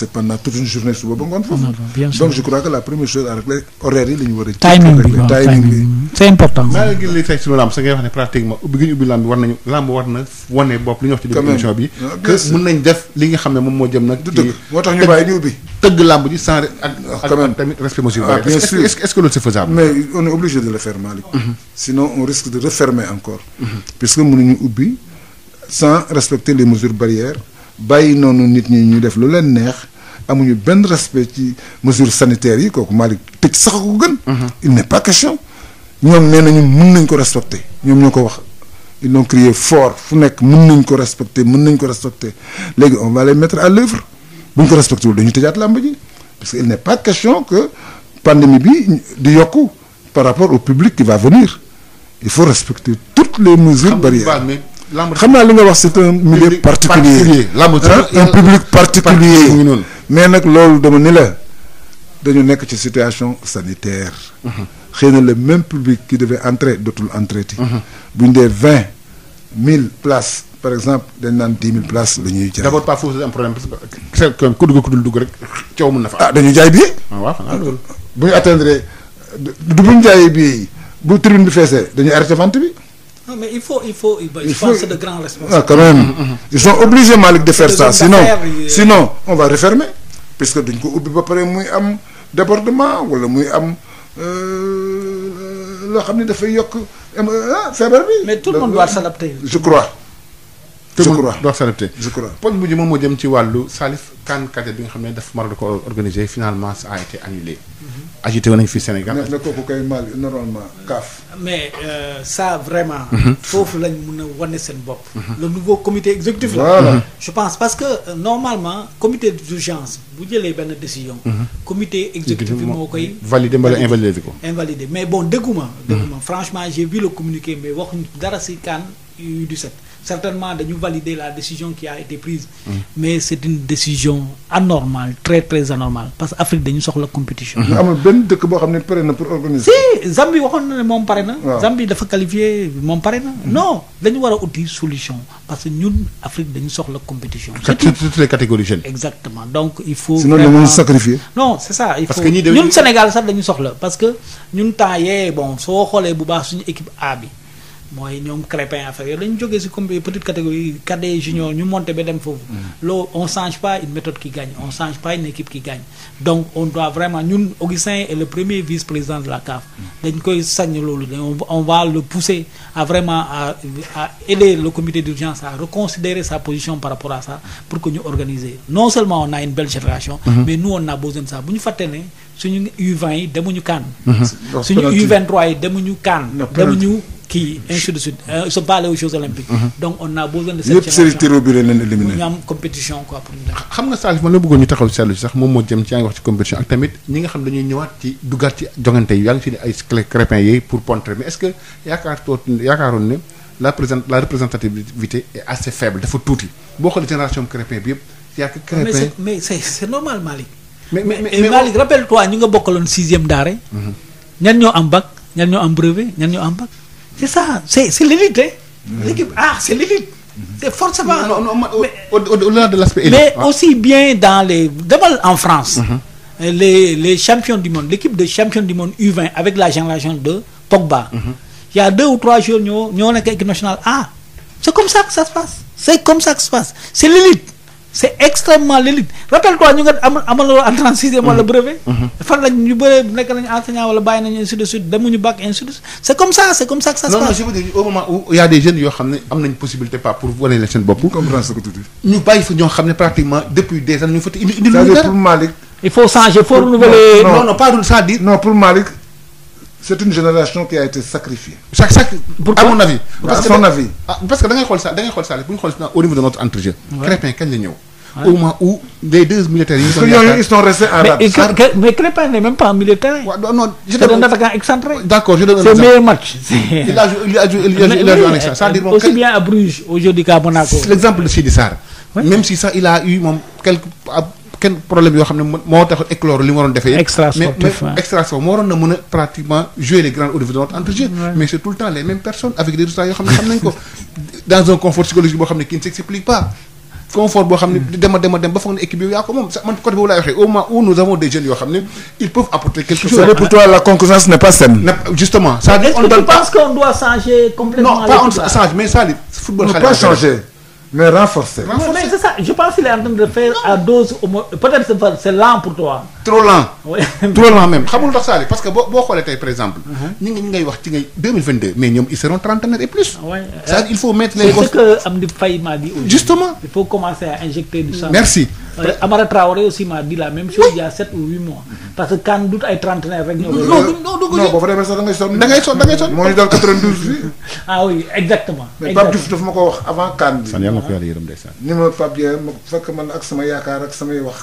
que ne peuvent pas journée suba ba ngoon foofu. Ah, donc je crois que war a. timing bi timing bi c'est important. maa ngi lay teg suñu làmb wax ne pratiquement ubbi gi ñu ubbi làmb war nañu làmb war na wane bopp li ñu wax ci. déglu bi ah, que mun nañ def li nga xam ne moom moo jëm nag. du dëgg tëgg làmb ji sans ak ah, ak tamit respect mesure barrière. bien sûr est loolu c'est faisable. mais on est obligé de sans respecter les mesures barrières bàyyi noonu nit ñi ñu def lu leen neex amuñu benn respect ci mesures sanitaires yi kooku Malick tëj sax ko gën. Mhm. il n'est pas question ñoom nee nañu mun nañ ko respecter ñoom ñoo ko wax. ils l'ont crié fort fu nekk mun nañ ko respecter mën nañ ko respecter léegi on va les mettre à l'œuvre bu ñu ko respecté wul dañu tëjaat làmb ji parce que il n'est pas question que pandémie bi di yokku par rapport au public qui va venir il faut respecter toutes les mesures barrières xam naa li nga wax c'est un milieu particulier ah, un public ah, particulier mais nag loolu dama ni la dañu nekk ci situation sanitaire mhm. xëy na le même public qui devait entrer dootul entréti mhm. bu ñu dee vingt mille places par exemple dañ naan dix mille places la ñuy jaay. d'abord pas foofu am problème dugg ku dul dugg rek ah, jaay billet. waaw xanaa loolu. bu ñu atteindre du bu ñu jaayee yi bu tribune bi feesee dañuy arrêté bi. Non, mais il faut, il faut, il, il faut, de grands responsables. Ah, quand même. Mm, mm, mm. Ils sont obligés, Malik, de faire ça. Sinon, euh... sinon, on va refermer. Puisque d'un coup, on peut am débordement, ou le am. Euh, euh ah, mais tout le monde doit s'adapter. Je crois. je crois moom moo jëm ci wàllu Salif Kan Kate bi nga xam ne daf Maroc da ko organisé finalement ça a été annulé. Mhm. agité woon nañu fi Sénégal. mais mais kooku kay mal normalement kaaf. mais euh, ça vraiment. Mhm. Mhm. foofu lañ mun a wane seen bopp. le nouveau comité exécutif la. voilà je pense parce que euh, normalement comité d'urgence bu jëlee benn décision. comité exécutif bi moo koy. valider mbala invalider ko. invalider mais bon dégguma. dégguma franchement j'ai vu le communiqué mais waxuñu dara certainement dañu valider la décision qui a été prise mm. mais c'est une décision anormale très très anormale parce que Afrique dañu soxla compétition amul benn dëkk boo xam ne si Zambie waxoon na ne moom pare na Zambie dafa qualifié moom pare na mhm. non dañu war a uti solution parce que ñun Afrique dañu soxla compétition toutes les catégories jeunes exactement donc il faut sinon vraiment... sacrifier non c'est ça il faut ñun Sénégal sax dañu soxla parce que ñun temps yee soo xoolee bu baax suñu équipe A bi mooy ñoom Crépin affaire yooyu la ñu jógee comme petite catégorie cadet junior ñu monté ba dem foofu. Mm. loolu on change pas une méthode qui gagne on change pas une équipe qui gagne donc on doit vraiment Augustin est le premier vice-président de la CAF. Mm. dañ koy sañ loolu on va le pousser à vraiment à à le comité d'urgence à reconsidérer sa position par rapport à ça pour que ñu organiser non seulement on a une belle génération. Mm-hmm. mais nous on a besoin kii ainsi de suite euh, se balayer aux Jeux Olympiques. Mhm. donc on a besoin de. cette bi la leen éliminé. ñu am compétition quoi pour xam nga Salif man la bëggoon ñu taxaw seetlu sax moom moo jëm ci yaa ngi wax ci compétition ak tamit ñi nga xam ne la présent est assez faible dafa tuuti boo xoolee génération crépin bi yëpp yaa ngi crépin. mais c'est normal Malick. mais mais rappelle-toi ñu nga bokkaloon sixième daare. Mhm. ñan ñoo am bac ñan ñoo am brevet ñan ñoo am bac c'est l'élite mm-hmm. l'équipe A c'est l'élite. Mm-hmm. c'est forcément. non non au-delà de l'aspect élite. mais ah. aussi bien dans les demal en France. Mm-hmm. Euh, les les champions du monde l'équipe de champion du monde u avec la génération de Pogba. il y a deux ou trois jours ñoo ñoo équipe nationale A. c'est comme ça que ça se passe c'est comme ça que se passe c'est l'élite. c'est extrêmement l'élite rappelle-toi ñu nga am amaloo en trente sixième wala mm-hmm. brevet mm-hmm. fan lañ ñu nekk nañu enseignant wala bàyyi nañu ainsi de suite demuñu bac ainsi de suite c'est comme ça c'est comme ça que ça se passe depuis des années ñu fati indi indi cest pour Malick il faut changer faut renouveler non pas c'est-à-dire non pour Malick c'est une génération qui a été sacrifiée. chaque chaque à mon avis. parce que son avis. sa ah, da au moment où les deux militaires sont restés en rade. mais que, que, mais Crépin pas un d'accord je donne. match. il a joué il a joué il a joué euh, en excentré. Bruges aujourd'hui qu'à Monaco. l'exemple de Sidi Sarr. même si ça il a eu moom quelque ah, kenn problème yoo xam ne éclore li mu waroon defee. extra sportif mais extra sport pratiquement jouer les grands au niveau de notre mais c'est tout le temps les mêmes personnes avec des résultats confort boo xam ne hmm. dema dema dem ba foog ne équipe bi yaa ko moom man côté boobu laay waxee au moment nous avons des jeunes yoo xam ne ils peuvent apporter quelque chose. pour toi la concurrence n'est pas saine. justement ça dit on doit changer complètement. non pas on changer mais renforcer. renforcer mais c'est ça je pense qu'il en train de faire à dose peut-être c'est lent pour toi. trop lent. xamul ndax Salick parce que boo xoolee tey par exemple. Uh-huh. ñi ngay wax ci ngay 2022 mais ñoom ils seront trentaine il faut mettre les. gosses que Amady il faut commencer à merci. Amara Traoré aussi m'a dit la même chose il y a ou 8 mois. Uh-huh. parce que kan dut ay trentenaire rek. ñoo non non boo fa demee sax da ngay sonn da ngay sonn da ngay sonn. moo ñu doon exactement. mais Pape daf ma ko wax avant kan bi. fan yàlla na ko yàlla yërëm ndeysaan. ni ma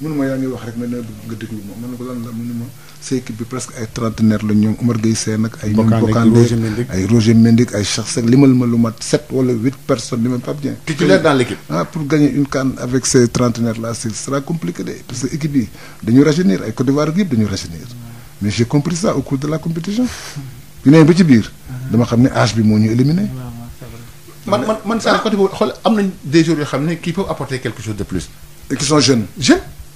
mënuma yaa ngi wax rek mais dina bëgg nga déglu ma man ko lan la mënuma sa équipe bi presque ay trentenaire la ñoom Omar Gueye Sène ak ay ñoom Bokandé ay Roger Mendik ay Cheikh Seck limal ma lu mat sept wala huit personnes limal Pape Dieng titulaire dans l'équipe ah pour gagner une CAN avec ces trentenaires là ce sera compliqué de parce que équipe yi dañu rajeunir ay Côte d'Ivoire yëpp dañu rajeunir mais j'ai compris ça au cours de la compétition bi nee ba ci biir dama xam ne âge bi moo ñu éliminé man man man saa côté boobu xool am nañ des jours yoo xam ne qui peut apporter quelque chose de plus et qui sont jeunes jeunes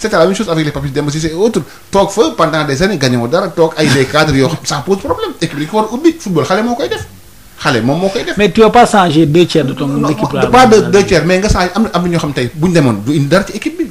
c'était la même chose avec les Papis Demba Cissé et autres toog fa pendant des années gagné wu dara toog ay des cadres yoo xam ça pose problème équipe li ko war ubbi football xale moo koy def xale moom moo koy def. mais tu as pas changé deux tiers de ton équipe. pas de deux tiers mais nga changé am na ñoo xam tey bu demoon du indi dara ci équipe bi.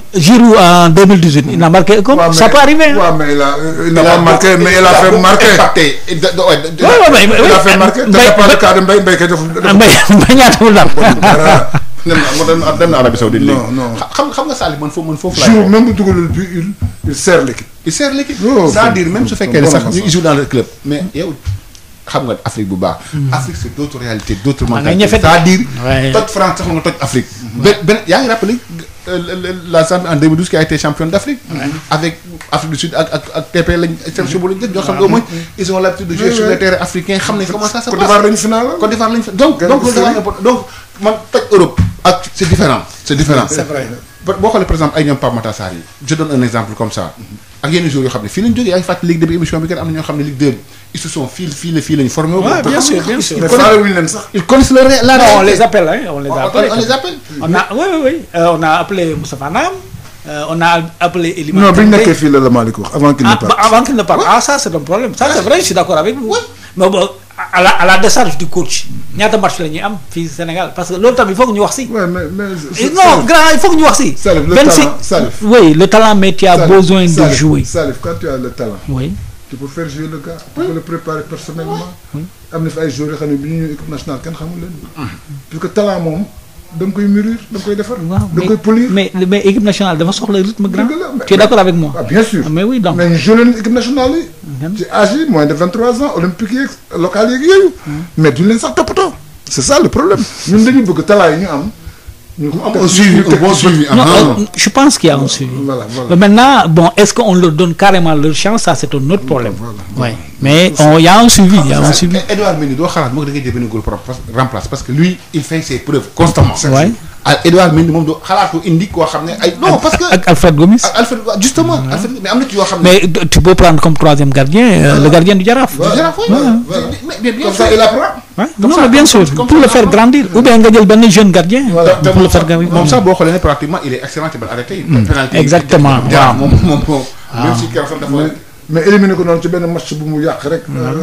Giroud en 2018 il n'a marqué comme ouais, ça peut arriver. Ouais, mais il a il n'a pas marqué mais il a fait marquer. il a fait marquer te dafa am cas de mbay mbay kay def. mbay mbay ñaata mu dal. dem na dem na Arabie Saoudite léegi. non non xam xam nga Salif man foofu man foofu laay. jour même bu dugalul bi il il sert l'équipe. il sert l'équipe. Oh, c'est-à-dire même su fekkee ne sax ñu joue dans le club. mais yow xam nga Afrique bu baax. Hmm. Afrique c'est d'autres réalités d'autres ah, mentalités. c'est-à-dire toj France sax nga toj Afrique. benn yaa ngi rappelé. Euh, la ZAN en 2012 qui a été championne d'Afrique. Mm-hmm. avec Afrique du Sud ak ak ak TP exception bu lañ def mm-hmm. ñoo xam ne au moins mm-hmm. ils ont l'habitude de jouer sur africains xam nañ comment ça se passe. Côte donc man toj Europe. ak c'est différent c'est différent. c'est vrai boo xoolee par exemple ay ñoom Pape Matar yi je donne un exemple comme ça. ak yenn jours yoo xam ne fii lañ jógee yaa ngi fàttali léegi début émission bi kenn am na ñoo xam ne Ligue 2 ils se sont fii fii la fii lañ formé wu. waaw bien sûr bien sûr mais faale wuñ leen sax. ils connaissent la la non on les appelle hein on les ah, appelle on les appelle. on a oui oui euh, on a appelé Moussa Fanam. Euh, on a appelé Eliman non bi ñu nekkee fii la la Malick wax avant qu'il ne ah, parte. ah avant qu'il ne parte ah ça c'est un problème ça c'est vrai je suis d'accord avec vous. mais bon. à la à la décharge du coach ñaata match la ñuy am fii Sénégal parce que loolu tamit il faut que ñu wax si. mais non grand il faut que ñu wax si. Salif le talent Salif oui le talent mais tu as besoin de jouer. Salif quand tu as le talent. oui. tu peux faire jouer le gars. tu peux le préparer personnellement. am na fi ay joueurs yoo xam ne bi ñu ñëw équipe nationale kenn xamul leen. Ah. parce que talent moom. donc nga koy mûrir da nga koy defar. waaw da nga koy mais mais équipe nationale dafa soxla rythme grand. tu es d'accord avec moi. ah bien sûr ah, mais oui équipe nationale yi. ci âge moins de 23 ans olympique yeeg local mais duñ leen sax toppatoo. c'est ça le problème ñun dañu bëgg talaa yi ñu am. Nous avons ah, un suivi, un bon suivi. Ah, non, ah, non. Je pense qu'il y a voilà, un suivi. Voilà, voilà. Mais maintenant, bon, est-ce qu'on leur donne carrément leur chance Ça, c'est un autre problème. Ouais. Mais il y a un suivi. Ah, y a un suivi. Edouard Meni doit remplace parce que lui, il fait ses preuves constamment. Ouais. ah Edouard Mendy moom du xalaatu indi koo xam ne ay. non parce que ak Alfred Gomis. ak Alfred justement. Alfred mais am na ci yoo xam ne. mais tu peux prendre comme troisième gardien. Euh, le gardien du Jaraaf. du Jaraaf oui. mais bien sûr non mais bien sûr pour le faire grandir. ou bien nga jël benn jeune gardien. pour le faire grandir moom sax boo xoolee ne pratiquement il est excellent ci bal arrêté. Hmm. pénalité exactement waaw moom moom moom. waaw ah. même si keroog dafa. mais éliminé ko noonu ci benn match bu mu yàq rek. Euh,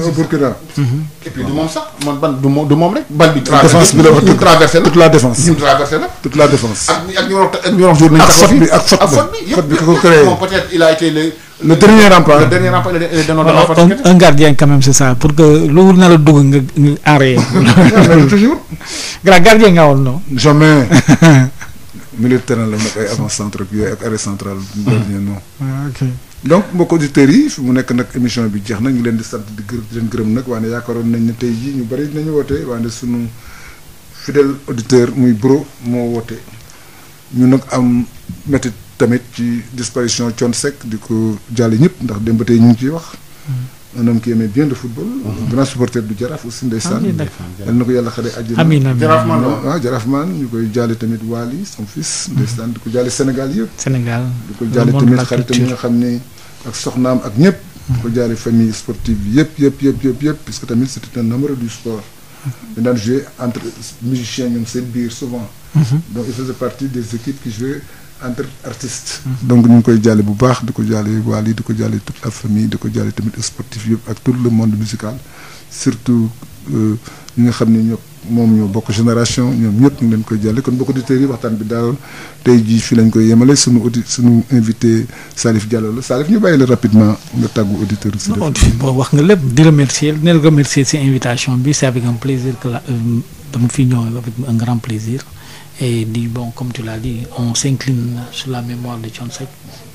mhm. du moom sax man ban du moom du moom rek. bal bi défense bi la ñu traversé la toute la défense. toute la défense. ak ak ak ñu wax jour nañu. ak faute bi ak faute bi yëpp yëpp moom peut être a dernier rempart le dernier rempart un gardien quand même c'est ça pour que loolu na la dugg nga nga enrayé. toujours. grand gardien nga woon non. donc mbokk auditeurs yi fi mu nekk nag émission bi jeex na ñu leen di sant di gërëm di leen gërëm nag waane yaakaaroon nañ ne tey jii ñu bëri nañu woote waane sunu fidèle auditeur muy Bro moo woote ñu nag am métti tamit ci disparition Thione Seck di ko jàlle ñëpp ndax démb tey ñu ngi ciy wax mm-hmm. un homme qui aimait bien le football. Mhm. un grand supporter du Jaraaf aussi ndeysaan. yal na ko Jaraaf man ah, Jaraaf man ñu koy jaale tamit Waly son fils. Mhm. ndeysaan di ko jaale Sénégal yëpp. Sénégal di ko mhm. jaale famille sportive yëpp yëpp yëpp yëpp yëpp parce que tamit c'était un amoureux du sport. dañ daan entre musiciens ñoom seen biir souvent. donc il faisait partie des équipes qui jouaient. entre artistes. donc ñu ngi koy jàlle bu baax di ko jàlle Wally di ko jàlle toute la famille di ko jàlle tamit sportif yëpp ak tout le monde musical surtout euh, ñu nga xam ne ñëpp moom ñoo bokk génération ñoom ñëpp ñu leen koy jàlle kon bokk auditeurs yi waxtaan bi daaloon tey jii fii lañ koy yemale sunu audi sunu invité Salif Diallo la Salif ñu bàyyi la rapidement nga tàggu auditeur si bon wax nga lépp di remercier di leen si invitation bi c'est avec un plaisir que la euh, dama fi ñëw avec et dit bon comme tu l'as dit on s'incline sur la mémoire de Thione Seck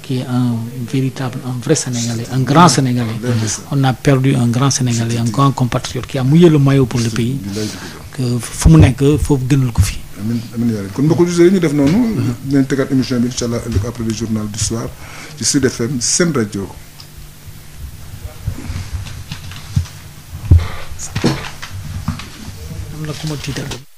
qui est un véritable un vrai Sénégalais un grand Sénégalais on a perdu un grand Sénégalais un grand compatriote qui a mouillé le maillot pour le pays fu mu nekk foofu gënal ko fi amiin amiin ñu def noonu dinañ tegaat bi incha allah ëllëg après le journal du soir ci Sud seen rajo na ku